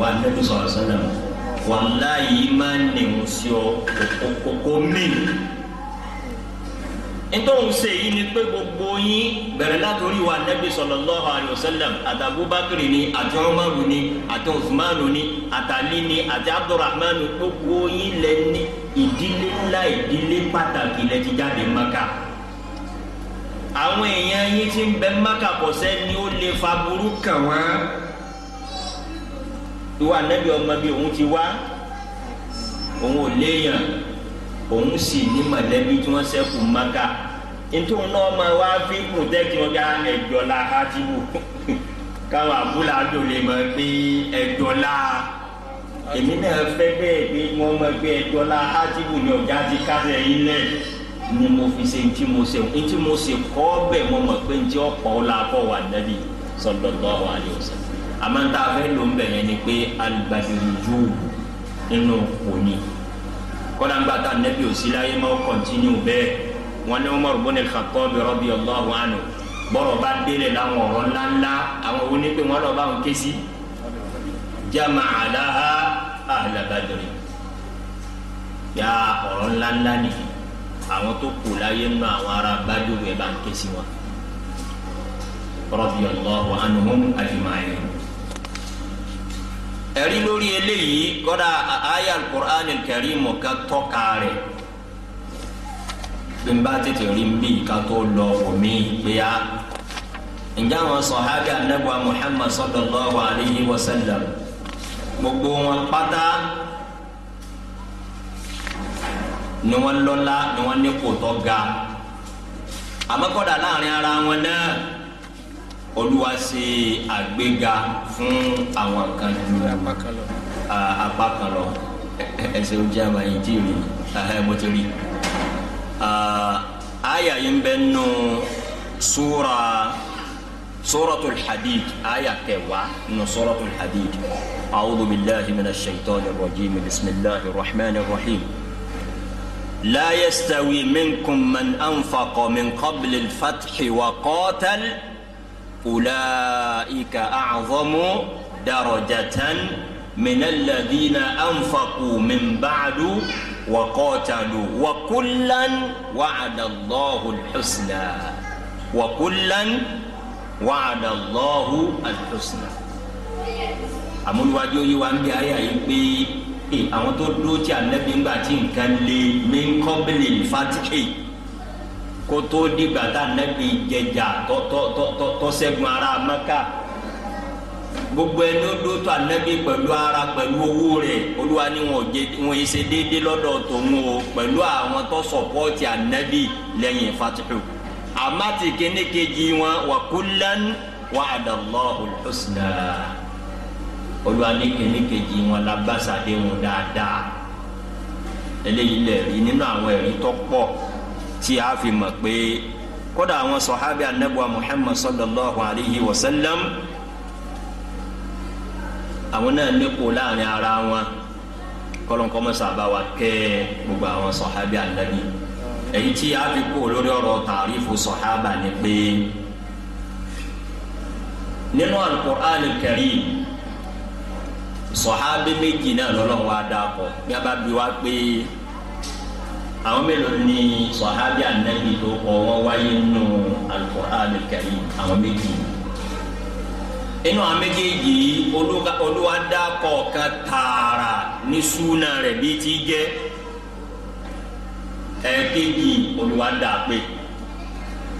wàá nẹ́bí sọ̀rọ̀ sọ́nà wàláyé máa nìhun sí ọ nítorí ṣe yìí ni pé gbogbo yín bẹ̀rẹ̀ látòrí wa nẹ́bí sallallahu alayhi wa sallam àti Abubakar ni àti Umaru ni àti Usmanu ni àti Ali ni àti Abdurrahmanu gbogbo yín lẹ ní ìdílé ńlá ìdílé pàtàkì lẹ ti jáde Maka àwọn èèyàn yín ti ń bẹ Maka kọ̀sẹ́ ni ó lè fa burú kàn wá ìwà nẹ́bí ọmọ bíi òun ti wá òun ò léèyàn òun sì ní mọ̀lẹ́bí tí wọ́n sẹ́kù mọ́ká nítorí náà máa wá fi protect wọn gá ẹ̀jọ̀la àtibù káwọn àbúlà àjò lè mọ̀ pé ẹ̀jọ̀la èmi náà fẹ́ bẹ́ẹ̀ pé wọ́n mọ̀ pé ẹ̀jọ̀la àtibù ni ọ̀já ti kásẹ̀ yín lẹ̀ ni mo fi ṣe ntí mo ṣe ntí mo ṣe kọ́ bẹ́ẹ̀ mo mọ̀ pé ntí ọ̀pọ̀ ọ̀la kọ́ wà nàbí sallallahu alaihi wasallam àmọ́ ntàfẹ́ ló ń bẹ̀yẹn ni pé alùpàdé ìjú nínú òní. No, kódà ń gbà tá nẹ́bí ò sí láyé máa kọ́ntínú bẹ́ẹ̀ wọn ní Umar ibn al-Khattab radiyallahu anhu bọ́rọ̀ bá délé láwọn ọ̀rọ̀ ńláńlá àwọn oní pé wọ́n lọ bá wọn ké sí jama alaha ahla Badr ya ọ̀rọ̀ ńláńlá nìyí àwọn tó kù láyé nù àwọn ará Badr ẹ̀ bá ń ké sí wọn radiyallahu anhum ajma'in ẹ̀rí lórí eléyìí kọ́dà àyà alukur'an karim mọ̀ká tọ́ka rẹ̀ bí n bá tètè rí n bí ká tó lọ omi gbéya ǹjẹ́ àwọn sọ̀hábì anábọ̀ muhammad sallallahu alayhi wa sallam gbogbo wọn pátá ni wọn lọ́lá ni wọn ní kò tọ́ ga àmọ́ kọ́dà láàrin ara wọn náà olúwa ṣe àgbéga fún àwọn kan ju apá kan lọ ẹsẹ ojú àwọn yìí tí rí mo ti rí àyà yìí ń bẹ nù súra suratul hadid àyà kẹwàá nù suratul hadid a'udhu billahi minash shaitanir rajim bismillahir rahmanir rahim. لا يستوي منكم من أنفق من قبل الفتح وقاتل ulaika a'zamu darajatan min alladhina anfaqu min ba'du wa qatalu wa kullan wa'ada Allahu al-husna wa kullan wa'ada Allahu al-husna àmúlùwájú yìí wá ń bí ayé àyè pé àwọn tó dúró tí anabi ń gbà tí nǹkan lé min qabli al-fatihi kótó dìgbà tá nẹ́bi jẹjà tọ́sẹ́gun ara mẹ́ka gbogbo ẹni ó dó tó anẹ́bi pẹ̀lú ara pẹ̀lú owó rẹ̀ olúwa ni wọn yìí ṣe déédéé lọ́dọ̀ tòun o pẹ̀lú àwọn tó sọ̀pọ́ọ̀tì anẹ́bi lẹ́yìn fatihu àmàtì kénékejì wọn wà kullan wà adallahu al-husna olúwa ní kénékejì wọn labásàdé wọn dáadáa eléyìí lè rí nínú àwọn ẹ̀rí tó pọ̀ tí a fi mọ̀ pé kódà àwọn sọ̀hábì anábọ̀ muhammad sallallahu alayhi wa sallam àwọn náà nípò láàrin ara wọn kọ́lọ́nkọ́ mọ́sá bá wa kẹ́ gbogbo àwọn sọ̀hábì anábì èyí tí a fi kó lórí ọ̀rọ̀ tàrífù sọ̀hábà ni pé nínú alukur'an karim sọ̀hábì méjì náà lọ́lọ́wọ́ adakọ̀ bí wá pé àwọn mélòó ni sọ̀hábí ànábì tó kọ́ wọ́n wáyé nù al-Qur'an al-Karim àwọn méjì inú àwọn méjèèjì olúwa dákọ̀ kan tààrà ní súnà rẹ̀ bí ti jẹ́ ẹ̀ẹ́kejì olúwa dàpé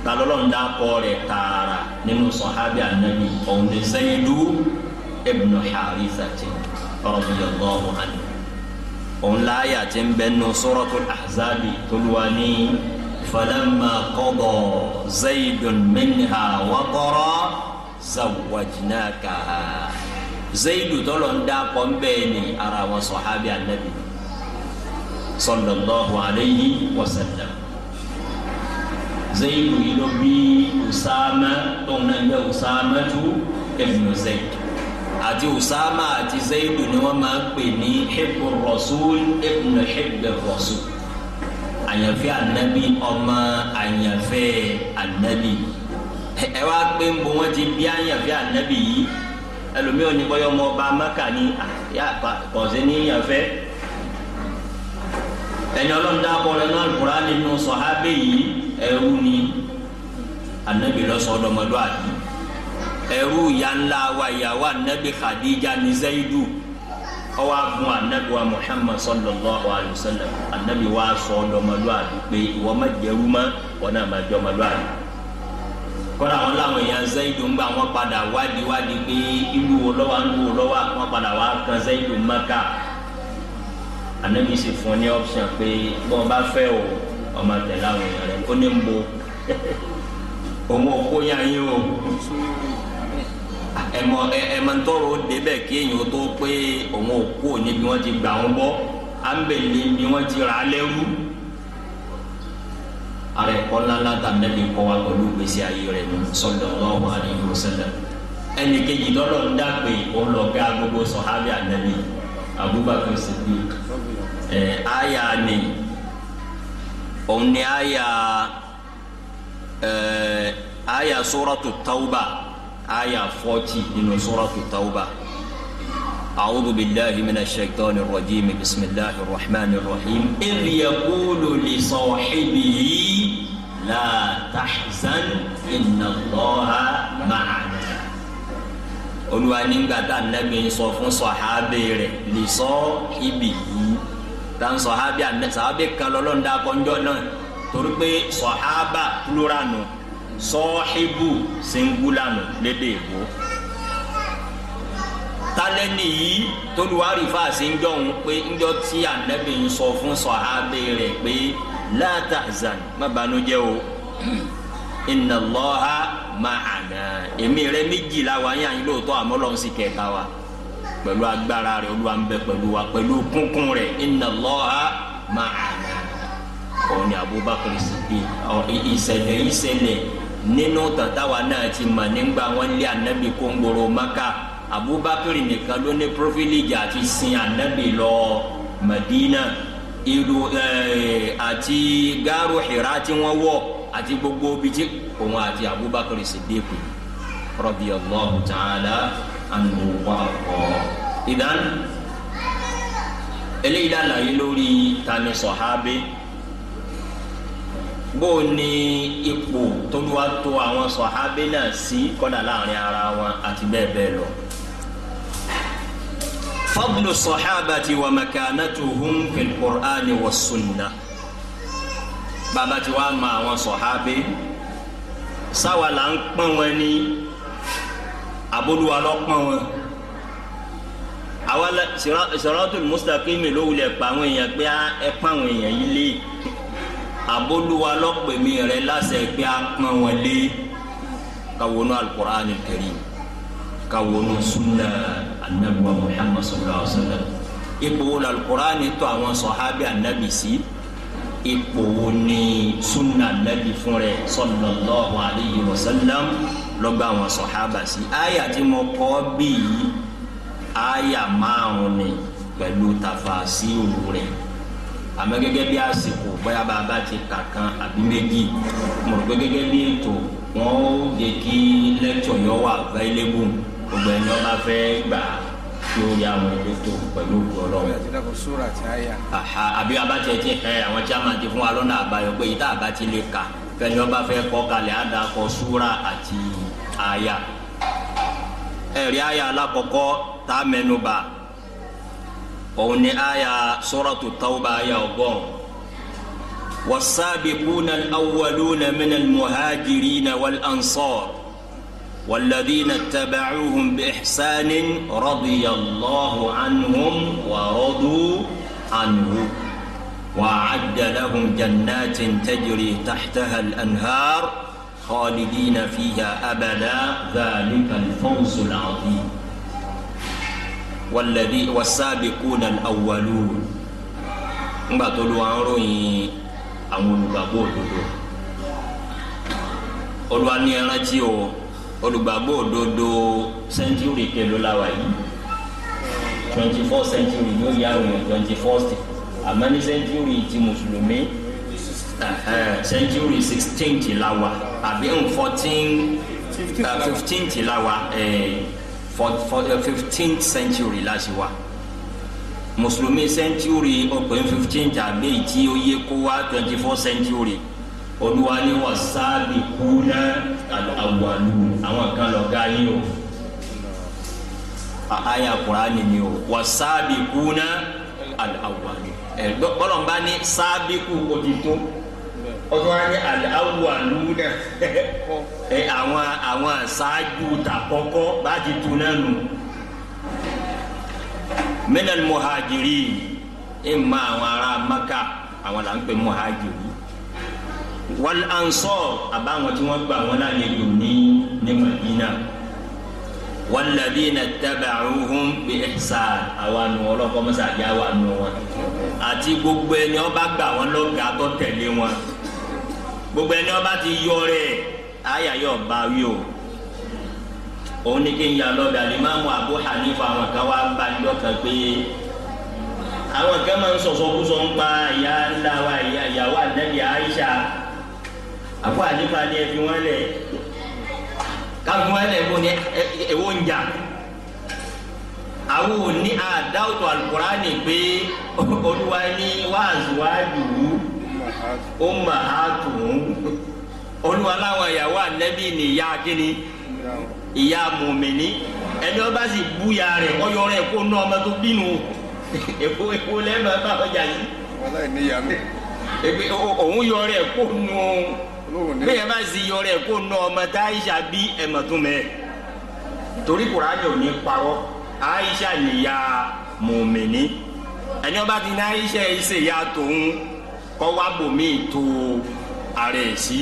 talọ́lọ́n dákọ̀ rẹ̀ tààrà nínú sọ̀hábí ànábì ọ̀hún ní Sayyidu ibn Haritha radiyallahu anhu òun láàyà tí ń bẹnu suratul ahzabi tolúwa ní falamma qada zaydun minha waqara zawwajnakaha zayidu tọlọ ń dákọ ń bẹ́ẹ̀ ni ara wọn sọ̀hábì anabi sallallahu alayhi wa sallam zayidu yìí ló bí usama tó ń nà ń bẹ tu ibnu zayidu àti usama àti zaidu ni wọ́n máa ń pè ní hibbu rasul ibn hibbu rasul àyànfẹ́ anabi ọmọ àyànfẹ́ anabi ẹ wá pé ń bo wọ́n ti bí àyànfẹ́ anabi yìí ẹlòmíràn ní bọ́yọ̀ ọmọ ọba maka ni kọ̀ọ̀sẹ́ ní àyànfẹ́ ẹni ọlọ́run dákọ̀ rẹ̀ náà nínú sọ̀hábẹ́ yìí ẹrú ni anabi lọ́sọ̀ọ́dọ̀mọdọ́ àdìyí ẹrú ya ńlá wa ìyàwó anabi khadija ni zayidu ọwọ́ agun anabi wa muhammad sallallahu alayhi wa sallam anabi wa sọ ọdọmọlúwàbí pé ìwọ má jẹrú mọ́ wọn náà má jọmọlúwàbí kọ́ra àwọn làwọn èèyàn zayidu ń bá wọn padà wádìí wádìí pé irú wo lọ́wọ́ irú wo lọ́wọ́ wọn padà wá kan zayidu maka anabi sì fún ní option pé bọ́n bá fẹ́ o ọmọ tẹ̀lé àwọn èèyàn rẹ̀ ó ní ń bo òun ò kó yá yín o ẹmọ ẹmọ ntọrọ débẹ̀ kéèyàn tó pé òun ò kú òní bí wọn ti gbà wọn bọ à ń bẹ̀lẹ̀ bí wọn ti rà á lẹ́rú ara ẹ̀kọ́ ńláńlá tá nẹ́bí kọ́ wa pẹ̀lú gbèsè ayé rẹ̀ nù sallallahu alaihi wasallam ẹnì kejì lọ́dọ̀ ń dàgbé ọlọ́gá gbogbo sọ̀hábì ànẹ́bí Abubakar Siddiq ẹ̀ àyà ni òun ni àyà ẹ̀ àyà suratu Tawbah aya forty nínú suratu tawba. أعوذ بالله من الشيطان الرجيم بسم الله الرحمن الرحيم إذ يقول لصاحبه لا تحزن إن الله معنا Olúwa nígbà tá Ànábì ń sọ fún sọ̀hábì rẹ̀ lè sọ ibì yìí tá ń sọ̀hábì àná sọ̀hábì kan lọ́lọ́ńdà kọ́ńjọ́ náà torí pé sọ̀hábà plúránù. No sọ́ọ́hìbù singulanu lédè èbó talẹ́ni yìí tolúwárì fàásì ń jọ̀hún pé ńjọ́ tí ànábì ń sọ fún sọ̀hábẹ́ rẹ̀ pé la tahzan má banújẹ́ o inna Allaha ma'ana èmi rẹ méjì la wà yàn yín lóòótọ́ àmọ́ lọ́n sì kẹta wa pẹ̀lú agbára rẹ̀ olúwa ń bẹ pẹ̀lú wa pẹ̀lú kúnkún rẹ̀ inna Allaha ma'ana òun ni Abubakar Siddiq ìṣẹ̀lẹ̀ ìṣẹ̀lẹ̀ nínú tàtàwa náà ti mọ̀ nígbà wọn lé anabi kóńgoro maka abubakar nìkan ló ní profiligi àti sin anabi lọ madina irú eh, àti gaaru hira tí wọn wọ àti gbogbo bìtì òun àti abubakar sidiku radiyallahu ta'ala anhu wa akọ idan eléyìí lànà yìí lórí tani sọ̀hábẹ́. So bó o ní ipò tó ló wá tó àwọn sọ̀hábẹ́ náà sí kọ́dà láàrin ara wọn àti bẹ́ẹ̀ bẹ́ẹ̀ lọ. fadlu sọ̀hábàtì wà makanatuhum fil qur'ani wa sunna bàbá tí wàá ma àwọn sọ̀hábẹ́ sáwa là ń pọ́n wọn ní aboluwa lọ́pọ́n wọn àwa siratul mustaqim ló wulẹ̀ pa àwọn èèyàn pé ah, ẹ pa àwọn èèyàn yìí lé aboluwa lọpẹmi rẹ lásẹ pé a pọn wọn lé ka wọnú alukur'an kari ka wọnú sunna anabiwa muhammad sallallahu alaihi wa sallam ipò wo alukur'an tó àwọn sọhábì anabi sí ipò ni sunna anabi fún rẹ sallallahu alaihi wa sallam lọgbà àwọn sọhábà sí àyà tí mo kọ́ bí yìí àyà márùn ni pẹ̀lú tafasiru àmọ́ gẹ́gẹ́ bí àsìkò bóyá bá a bá ti kà kan àbí méjì mo rò pé gẹ́gẹ́ bí ètò wọn ó yẹ kí lẹ́kítọ̀ yọ wà available gbogbo ẹni wọn bá fẹ́ gbà á tí ó yá àwọn ẹgbẹ́ tó pẹ̀lú ọlọ́run. àbí abatẹ tí ẹ àwọn tí a máa ti fún wa lọ́nà àbáyọ pé yìí tá a bá ti lè kà fẹ́ni ọba fẹ́ kọ́ kalẹ̀ á súra àti àyà. ẹ̀rí àyà alákọ̀ọ́kọ́ tá a mẹ́nu òun آية سورة التوبة آية aya والسابقون الأولون من المهاجرين والأنصار والذين اتبعوهم بإحسان رضي الله عنهم ورضوا عنه وأعد لهم جنات تجري تحتها الأنهار خالدين فيها أبدا ذلك الفوز العظيم wàlẹ́bí wasaabiquna al-awwalun ńgbà tó lu àwọn ròyìn àwọn olùgbàgbọ́ òdodo olùwà ní ẹrántí o olùgbàgbọ́ òdodo sẹ́ńtúrì kẹló la wà yìí twenty four century yóò yá òyìn twenty first àmọ́ ní century ti mùsùlùmí century sixteen ti la wà àbí fourteen eh, fifteen ti la wà. Eh, fifteenth century la ṣe wa mùsùlùmí century ọ̀pẹ̀ fifteen tàbí èyí tí ó yẹ kó wá twenty four century olúwa ni wọ́n sáàbì kú ná àwàlù àwọn kan lọ ga yín o àyà kùránì ni o wọ́n sáàbì kú ná àwàlù ẹ̀ gbọ́dọ̀ bá ní sáàbì kú òtítọ́ ọdún wa ní aláwọ̀ àlùmúnà àwọn àwọn àṣáájú tàkọ́kọ́ bá ti tu náà nù minal muhajiri ima àwọn ará maka àwọn là ń pè muhajiri wal ansor àbáwọn tí wọ́n gba àwọn lálejò ní ní madina walladina taba'uhum bi ihsan àwa nù ọlọ́kọ́ mọ́sàgbé àwa nù wọn àti gbogbo ẹni ó bá gbà wọn lọ́gàá tó wọn gbogbo ẹni ọba ti yọ rẹ àyà yọ bá wí o òun ni kí n yà lọ́dà lè má mú Abu Hanifa àwọn kan wá bá yọ kan pé àwọn kan máa ń sọ̀sọ̀kúsọ ń pa ìyá ńlá wa ìyá ìyàwó àdẹ́bí Aisha Abu Hanifa ni ẹ fi wọ́n lẹ̀ káfí wọ́n lẹ̀ fún ni ẹ̀wọ́ ń jà àwọn ò ní àdáwòtò Al-Qur'ani pé olúwa ní wàásù wájú wù ọmọ àtùn olúwa láwọn ìyàwó ànẹ́bí ni ìyá kíni ìyá mùmìnì ẹni ọba sì búya rẹ ọyọ rẹ kó ná ọmọ tó bínú èkó èkó lẹ́ẹ̀mọ́ bá ọjà yìí. wọn láì ní ìyá mi. òun yọ rẹ kó nu bẹ́ẹ̀ bá sì yọ rẹ kó ná ọmọ tá Aisha bí ẹ̀mọ̀ tún mẹ́ torí Kùránì ò ní parọ́ Aisha nìyá mùmìnì ẹni ọba ti ní Aisha ìṣèyà tòun kọ́ wá bòmíì tó ara ẹ̀ sí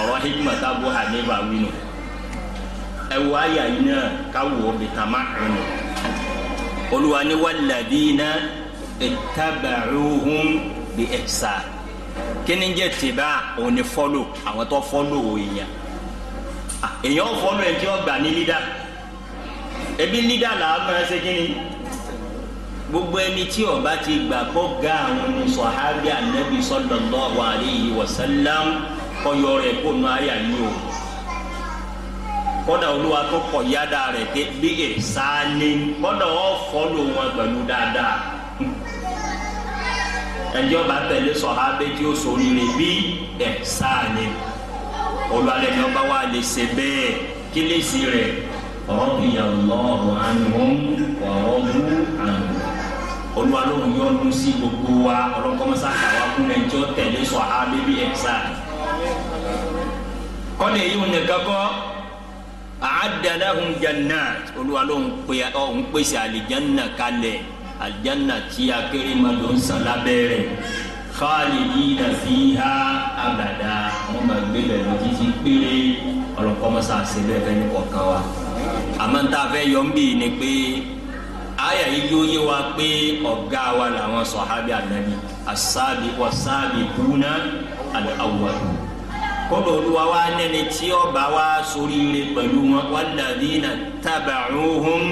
ọ̀rọ̀ hikmata Abu Hanifa wínú ẹ wọ àyà yìí náà káwọ bìtàmá ẹnu olùwà ni walladina ittaba'uhum bi ihsan kíníjẹ tìbá òun ni fọlọ àwọn tó fọlọ èèyàn èèyàn fọlọ ẹ tí wọn gbà ní lídà ebi lídà làá máa ṣe gbogbo ẹni tí ó bá ti gbà kó ga àwọn sọ̀hábí ànábì sallallahu alayhi wa sallam kọyọ rẹ̀ kó nu ayà yìí o kódà olúwa tó kọ̀ yáda rẹ̀ dé bí ìsáni kódà wọ́n fọ́lù wọn pẹ̀lú dáadáa ẹjọ́ bá tẹ̀lé sọ̀hábí tí ó sòrìrì bí ìsáni olùwàlẹ̀ ni ọba wa lè ṣe bẹ́ẹ̀ kí lè sí rẹ̀ rọ́bìyàn lọ́rùn ànúhùn wà rọ́bù ànúhùn olúwa ló ń yọ́nú sí gbogbo wa ọlọ́kọ́mọ́sá kàwá kún ẹjọ́ tẹ̀lé sọ abébí ẹ̀sà. kọ́ni èyí ń nìkan kọ́ àádàdáhùn janna olúwa ló ń pèsè àlìjanna kalẹ̀ àlìjanna tí akéré ma ló ń sàn lábẹ́rẹ̀ khalidina fiha abada wọn máa gbé bẹ̀rẹ̀ lọ títí péré ọlọ́kọ́mọ́sá ṣe fẹ́ ní kọ̀ọ̀kan wa àmọ́ tá fẹ́ yọ ń bì ní pé àyà yìí yóò yé wa pé ọ̀gá wa làwọn sọ̀hábì ànábì asábì wasábì kúnà àdáwà kọ́dọ̀ olúwa wa nẹ́ni tí ọba wa soríire pẹ̀lú wọn walladhina taba'uhum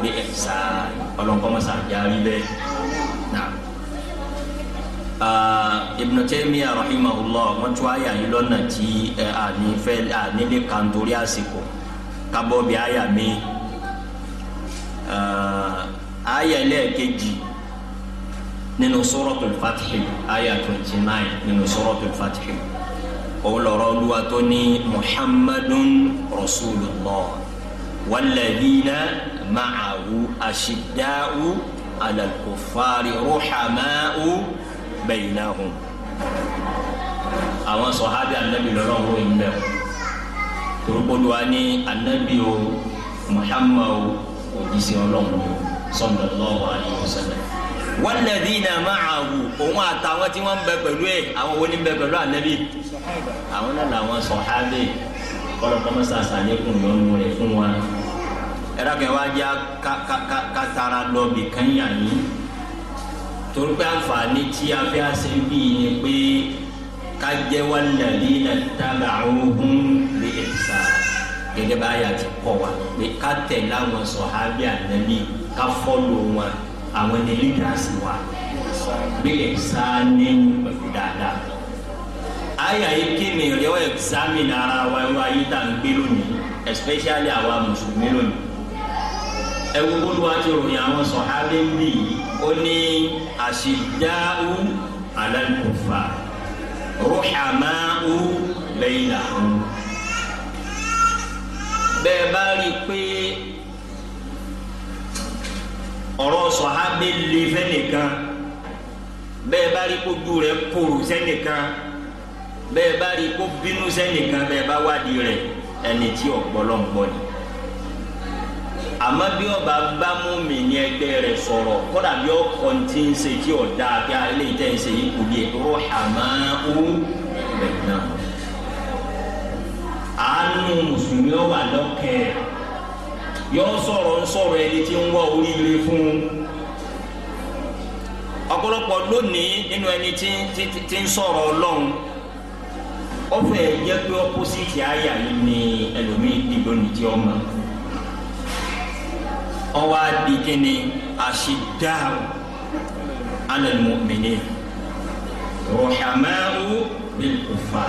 bi ihsan ọlọ́nkọ́mọ́sá járí bẹ́ẹ̀ náà. Ibn Taymiyyah rahimahullah wọ́n tún àyà yìí lọ́nà tí ànífẹ́ ànílé kan àsìkò kábọ́ọ̀bì àyà mi. Uh, Ah, aya ẹlẹ́ẹ̀kejì nínú suratul Fath aya twenty nine nínú suratul Fath ọlọrọ Olúwa tó ní muhammadun rasulullah walladhina ma'ahu ashidda'u ala al-kuffari ruhama'u baynahum àwọn sọ̀hábì anabi lọ́lọ́wọ́ ìmẹ́ o turukuluwa ní anabi o muhammadu òjíṣẹ́ ọlọ́run sallallahu alaihi wasallam. walladhina ma'ahu òun àtàwọn tí wọ́n ń bẹ pẹ̀lú ẹ̀ àwọn wo ni ń bẹ pẹ̀lú ànábì àwọn náà làwọn sọ̀hábì kọ́lọ́kọ́mọ́sàsà lẹ́kùn lọ́nu rẹ̀ fún wa ẹ̀rọ kan wá já kátara lọ bì kányà yín torí pé àǹfààní tí a fẹ́ ṣe bí ni pé kájẹ́ walladhina taba'uhum bi ihsan gẹ́gẹ́ bá yà ti kọ́ wa pé ká tẹ̀lé àwọn sọ̀hábí ànábì ká fọ́lù wọn àwọn ẹni lídàásì wa bí ẹ̀sánì dáadáa. àyà yìí kí ni ìrẹ́wọ̀ ẹ̀sámìn ara wa ẹ̀rọ ayé tá à ń gbé lónìí especially àwa mùsùlùmí lónìí. ẹ̀wù olúwa ti ròyìn àwọn sọ̀hábí ń bì yìí ó ní àṣìdáhù alálùkùfà rúḥàmáhù lẹ́yìn àwọn bẹ́ẹ̀ bá rí i pé ọ̀rọ̀ sọ̀hábẹ́ lè fẹ́ nìkan bẹ́ẹ̀ bá rí i kó du rẹ̀ kóró sẹ́nìkan bẹ́ẹ̀ bá rí i kó bínú sẹ́nìkan bẹ́ẹ̀ bá wádìí rẹ̀ ẹni tí ọ̀pọ̀lọ́ ń gbọ́ ni àmọ́ bí ọba bá mú mi ní ẹgbẹ́ rẹ̀ sọ̀rọ̀ kódà bí ọkọ tí ń ṣe tí ọ̀dà kí ilé ìtẹ̀ ń ṣe yìí kù díẹ̀ rọ́ọ̀hà máa ń bẹ̀ náà àánú mùsùlùmí ó wà lọ́kẹ́ yóò sọ̀rọ̀ ń sọ̀rọ̀ ẹni tí ń wá oríire fún un ọ̀pọ̀lọpọ̀ lónìí nínú ẹni tí ń sọ̀rọ̀ ọlọ́run ó fẹ́ jẹ́ pé ọ́pọ́sìtì àyà yìí ni ẹlòmíì dìbò ní tí ọmọ ọwọ́ adìgínní àṣìdáàrú alẹ́ mọ̀mìnì rọ̀hàmáwù bíi kùfà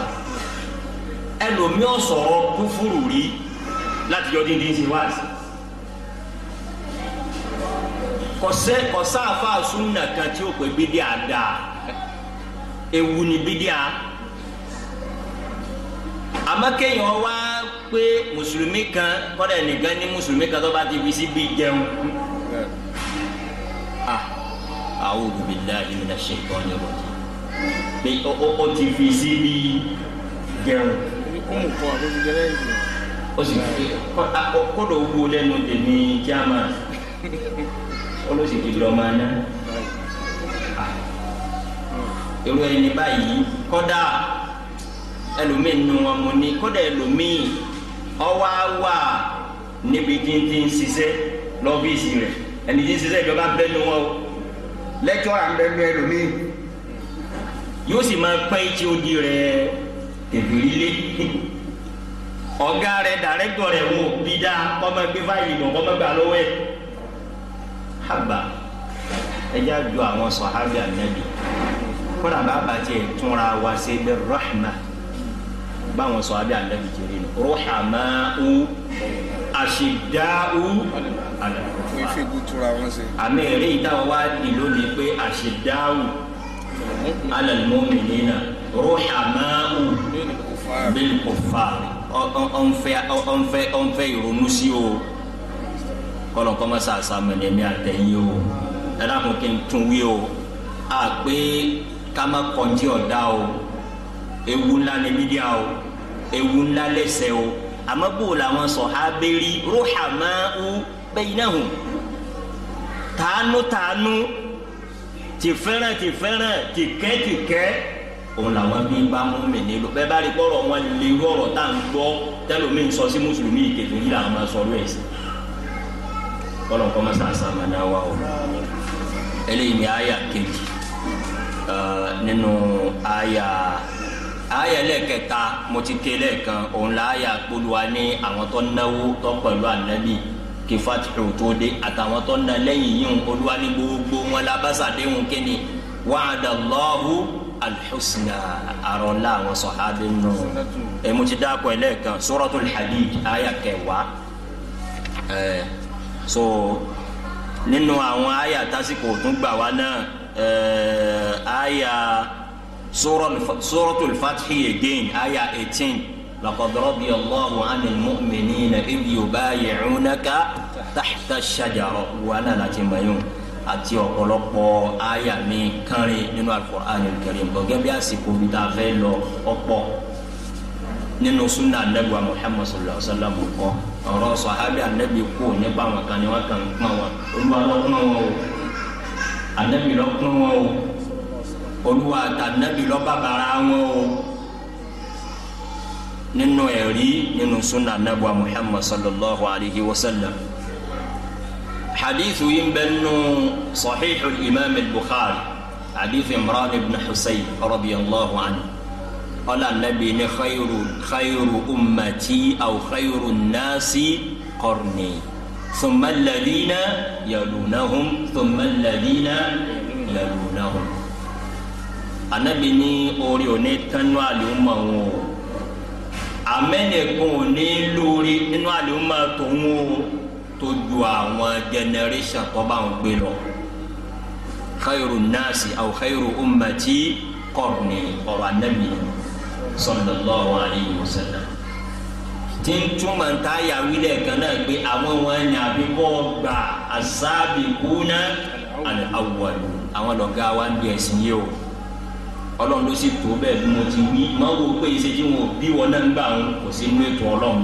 ẹlòmí ọ̀sọ̀rọ̀ kúfúrú rí láti yọ dídín sí wáàsí kọsẹ kọsáàfà súnà kan tí ó pè bídíà dáa ewu ni bídíà àmọ́ wá pé mùsùlùmí kan kọ́dà nìkan ní mùsùlùmí kan tó bá ti fi síbi jẹun. a'udhu billahi minash shaitani rajim pé ti fi síbi jẹun ó mú nǹkan àbójú jẹrẹ ìgbìmọ̀. ó sì fi kódò wo lẹ́nu tèmi chairman olóṣèlú lọ́mọ aná irú ẹni báyìí kódà ẹlòmíín nu wọn mo ní kódà ẹlòmíín ọwọ́ á wà níbi tí n ti ń ṣiṣẹ́ lọ́fíìsì rẹ̀ ẹni tí ń ṣiṣẹ́ ìjọba bẹ́ẹ̀ nu wọn o lẹ́tọ́ à ń bẹ́ẹ̀ nu ẹlòmíín yóò sì máa pẹ́ ìtì odi rẹ̀ kẹfìrí lé ọ̀gá rẹ̀ dàrẹ́tọ̀ rẹ̀ wò bí dáa kọ́mọ gbé fáìlì bọ̀ kọ́mọ gbà lọ́wọ́ ẹ̀ haba ẹjẹ́ àjọ àwọn sọ̀hábì ànábì kódà bàbá tiẹ̀ túnra wá sí bẹ́ẹ̀ rahma báwọn sọ̀hábì ànábì ti rí nu ruhama u àṣìdá u alàlùfà àmì ẹ̀rí ìtawọ́ wá di lónìí pé àṣìdá u alàlùmọ́mìnira ruhamahu bil kufar ọ̀nfẹ́ ọ̀nfẹ́ ọ̀nfẹ́ ìrònú sí o kọlọ̀ kọ́ máa ṣàṣà mẹ̀lẹ́mí àtẹ̀yìn o ẹ̀dá kan kí n tún wí o a pé ká má kọjú ọ̀dá o ewu ńlá ni mídíà o ewu ńlá lẹ́sẹ̀ o àmọ́ bò làwọn sọ̀hábẹ́rì ruhamahu bainahum tàánú tàánú tìfẹ́ràn tìfẹ́ràn tìkẹ́ tìkẹ́ òun làwọn bíi bá mú mi nílò bẹ́ẹ̀ bá rí kọ́rọ̀ wọn lè rú ọ̀rọ̀ tá à ń gbọ́ tẹ́lómi ń sọ sí mùsùlùmí ìkejì yìí làwọn máa sọ̀rọ̀ ẹ̀ sí. kọ́lọ̀ kọ́ máa sàn sàn máa wá o. eléyìí ni àyà kejì nínú àyà àyà lẹ́ẹ̀kẹta mo ti ké lẹ́ẹ̀kan òun là àyà polúwa ní àwọn tó náwó tó pẹ̀lú ànábì kí tó dé àtàwọn tó ná lẹ́yìn yìí olúwa ní gbogbo wọn labásàdéhùn kíni wàhádà lọ́hùn alḥusna arọ́nlá àwọn sọ̀hábí nù ẹ̀ mo ti dáko ẹ̀ lẹ́ẹ̀kan suratul hadid àyà kẹwàá ẹ̀ so nínú àwọn àyà tásìkò tún gbà wá náà ẹ̀ àyà suratul fathi again àyà eighteen laqad radiyallahu anil mu'minina idh yubayi'unaka tahta ash-shajara wàhálà láti mọ̀ yóò àti ọ̀pọ̀lọpọ̀ àyà mi kánrin nínú Al-Qur'an Al-Karim gẹ́gẹ́ bí àsìkò tá a fẹ́ lọ ọ̀pọ̀ nínú sunna anabi wa Muhammad sallallahu alaihi wa sallam kọ ọ̀rọ̀ sọ̀hábì anabi kú nípa àwọn kan ní wọn kàn kún wọn olúwa lọ́kùn wọn o anabi lọ́kùn wọn o olúwa ta anabi lọ́bàbàrà wọn o nínú ẹ̀rí nínú sunna anabi wa Muhammad sallallahu alaihi wa sallam hadithu yìí ń bẹ nù sahihu imam al-bukhari hadithu imran ibn husayn radiyallahu anhu ọlá nabi ni khayru khayru ummati aw khayru nasi qarni thumma alladhina yalunahum thumma alladhina yalunahum anabi ni orí òní tánú àlùmọ̀ wọn o amẹ́nìkan ò ní tó ju àwọn generation tó bá ń gbé lọ khayru nnaasi aw khayru ummati qarni ọ̀rọ̀ anabi sallallahu alayhi wa sallam tí ń túmọ̀ ń ta yàwí lẹ́ẹ̀kan náà pé àwọn wọn ni àbí bọ́ gba as-sabiquna al-awwalun àwọn lọ́gá wa ń bí ẹ̀sìn yìí o ọlọ́run ló sì tó bẹ́ẹ̀ bí ti wí máa wo pé iṣẹ́ tí wọn ò bí wọn náà ń gbà wọn kò sí inú ètò ọlọ́run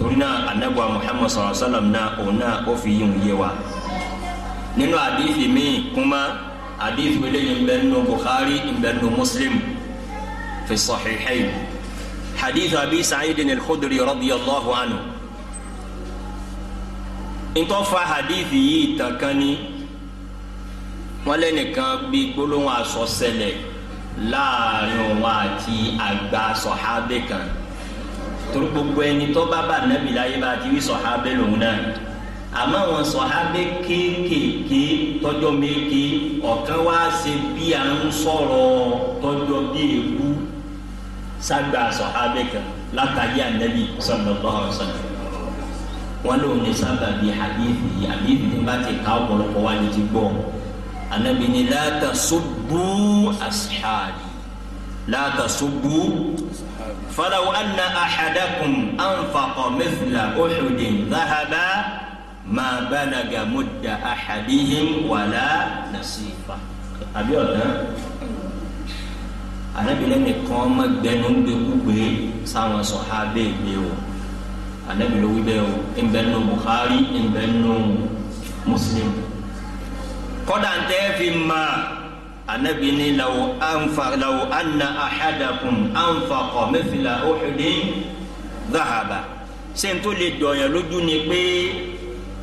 torí náà anagba muhammad sallallahu alaihi wa sallam náà òun náà ó fi yín yé wa nínú àdìsí míì kuma àdìsí eléyìí ń bẹ nínú bukhari ń bẹ nínú muslim fi sahihayn hadith abi sa'id al-khudri radiyallahu anhu ntọ́fà hadith yìí tàn kan ni wọ́n lẹ́nìkan bí gbólóhùn asọ̀sẹ̀lẹ̀ láàrin òun àti àgbà sọ̀hábẹ́ kan. So torí gbogbo ẹni tó bá bá nàbì láyé bá ti wí sọ̀hábẹ́ lòun náà àmọ́ àwọn sọ̀hábẹ́ kéékèèké tọ́jọ́ méke ọ̀kan wá ṣe bí à ń sọ̀rọ̀ tọ́jọ́ bí ewu ságbà sọ̀hábẹ́ kan látàyé ànábì sallallahu alaihi wasallam wọn lòun ní sábà bí hadith yìí àbí ìdúgbà ti ká ọ̀pọ̀lọpọ̀ wá ní ti gbọ́ ànábì ní la tasubbu ashabi فلو أن أحدكم أنفق مثل أحد ذهبا ما بلغ مد أحدهم ولا نصيفا أبي الله anabi lẹni kan ma gbẹnu gbẹkugbẹ sáwọn sọhábẹ gbẹ o anabi ló wí bẹ́ẹ̀ o nbẹnu Bukhari nbẹnu Muslim kódà ntẹ fi máa anabi ni law anfa law anna ahadakum anfaqa mithla uhudin dhahaba sento le dọnyẹ lójú ni pé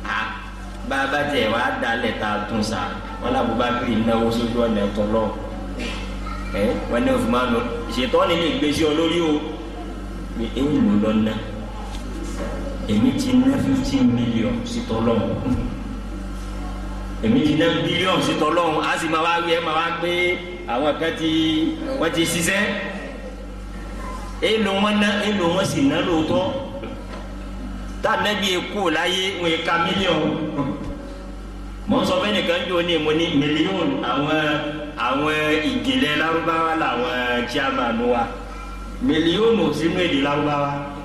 a bàbá tẹ wà á dalẹ̀ ta tún sa wala bubakiri náwó sójú ọ̀nà tọlọ ẹ wọn ní òfin máa nù ṣètọ́ ni lè gbèsè ọ lórí o pé ewu ló lọ ná èmi ti ná fifteen million sí tọlọ èmi ti ná bílíọ̀nù sí tọ́lọ́hún á sì máa wá wí ẹ́ máa wá pé àwọn kan ti wọ́n ti ṣiṣẹ́ èlò wọn ná èlò wọn sì ná lóòótọ́ tá a nẹ́bí e kú láyé wọn e ka mílíọ̀nù mọ sọ fẹ́ nìkan jọ ní mo ní mílíọ̀nù àwọn àwọn ìjìnlẹ̀ lárúbáwá làwọn chairman wa mílíọ̀nù sínú èdè lárúbáwá.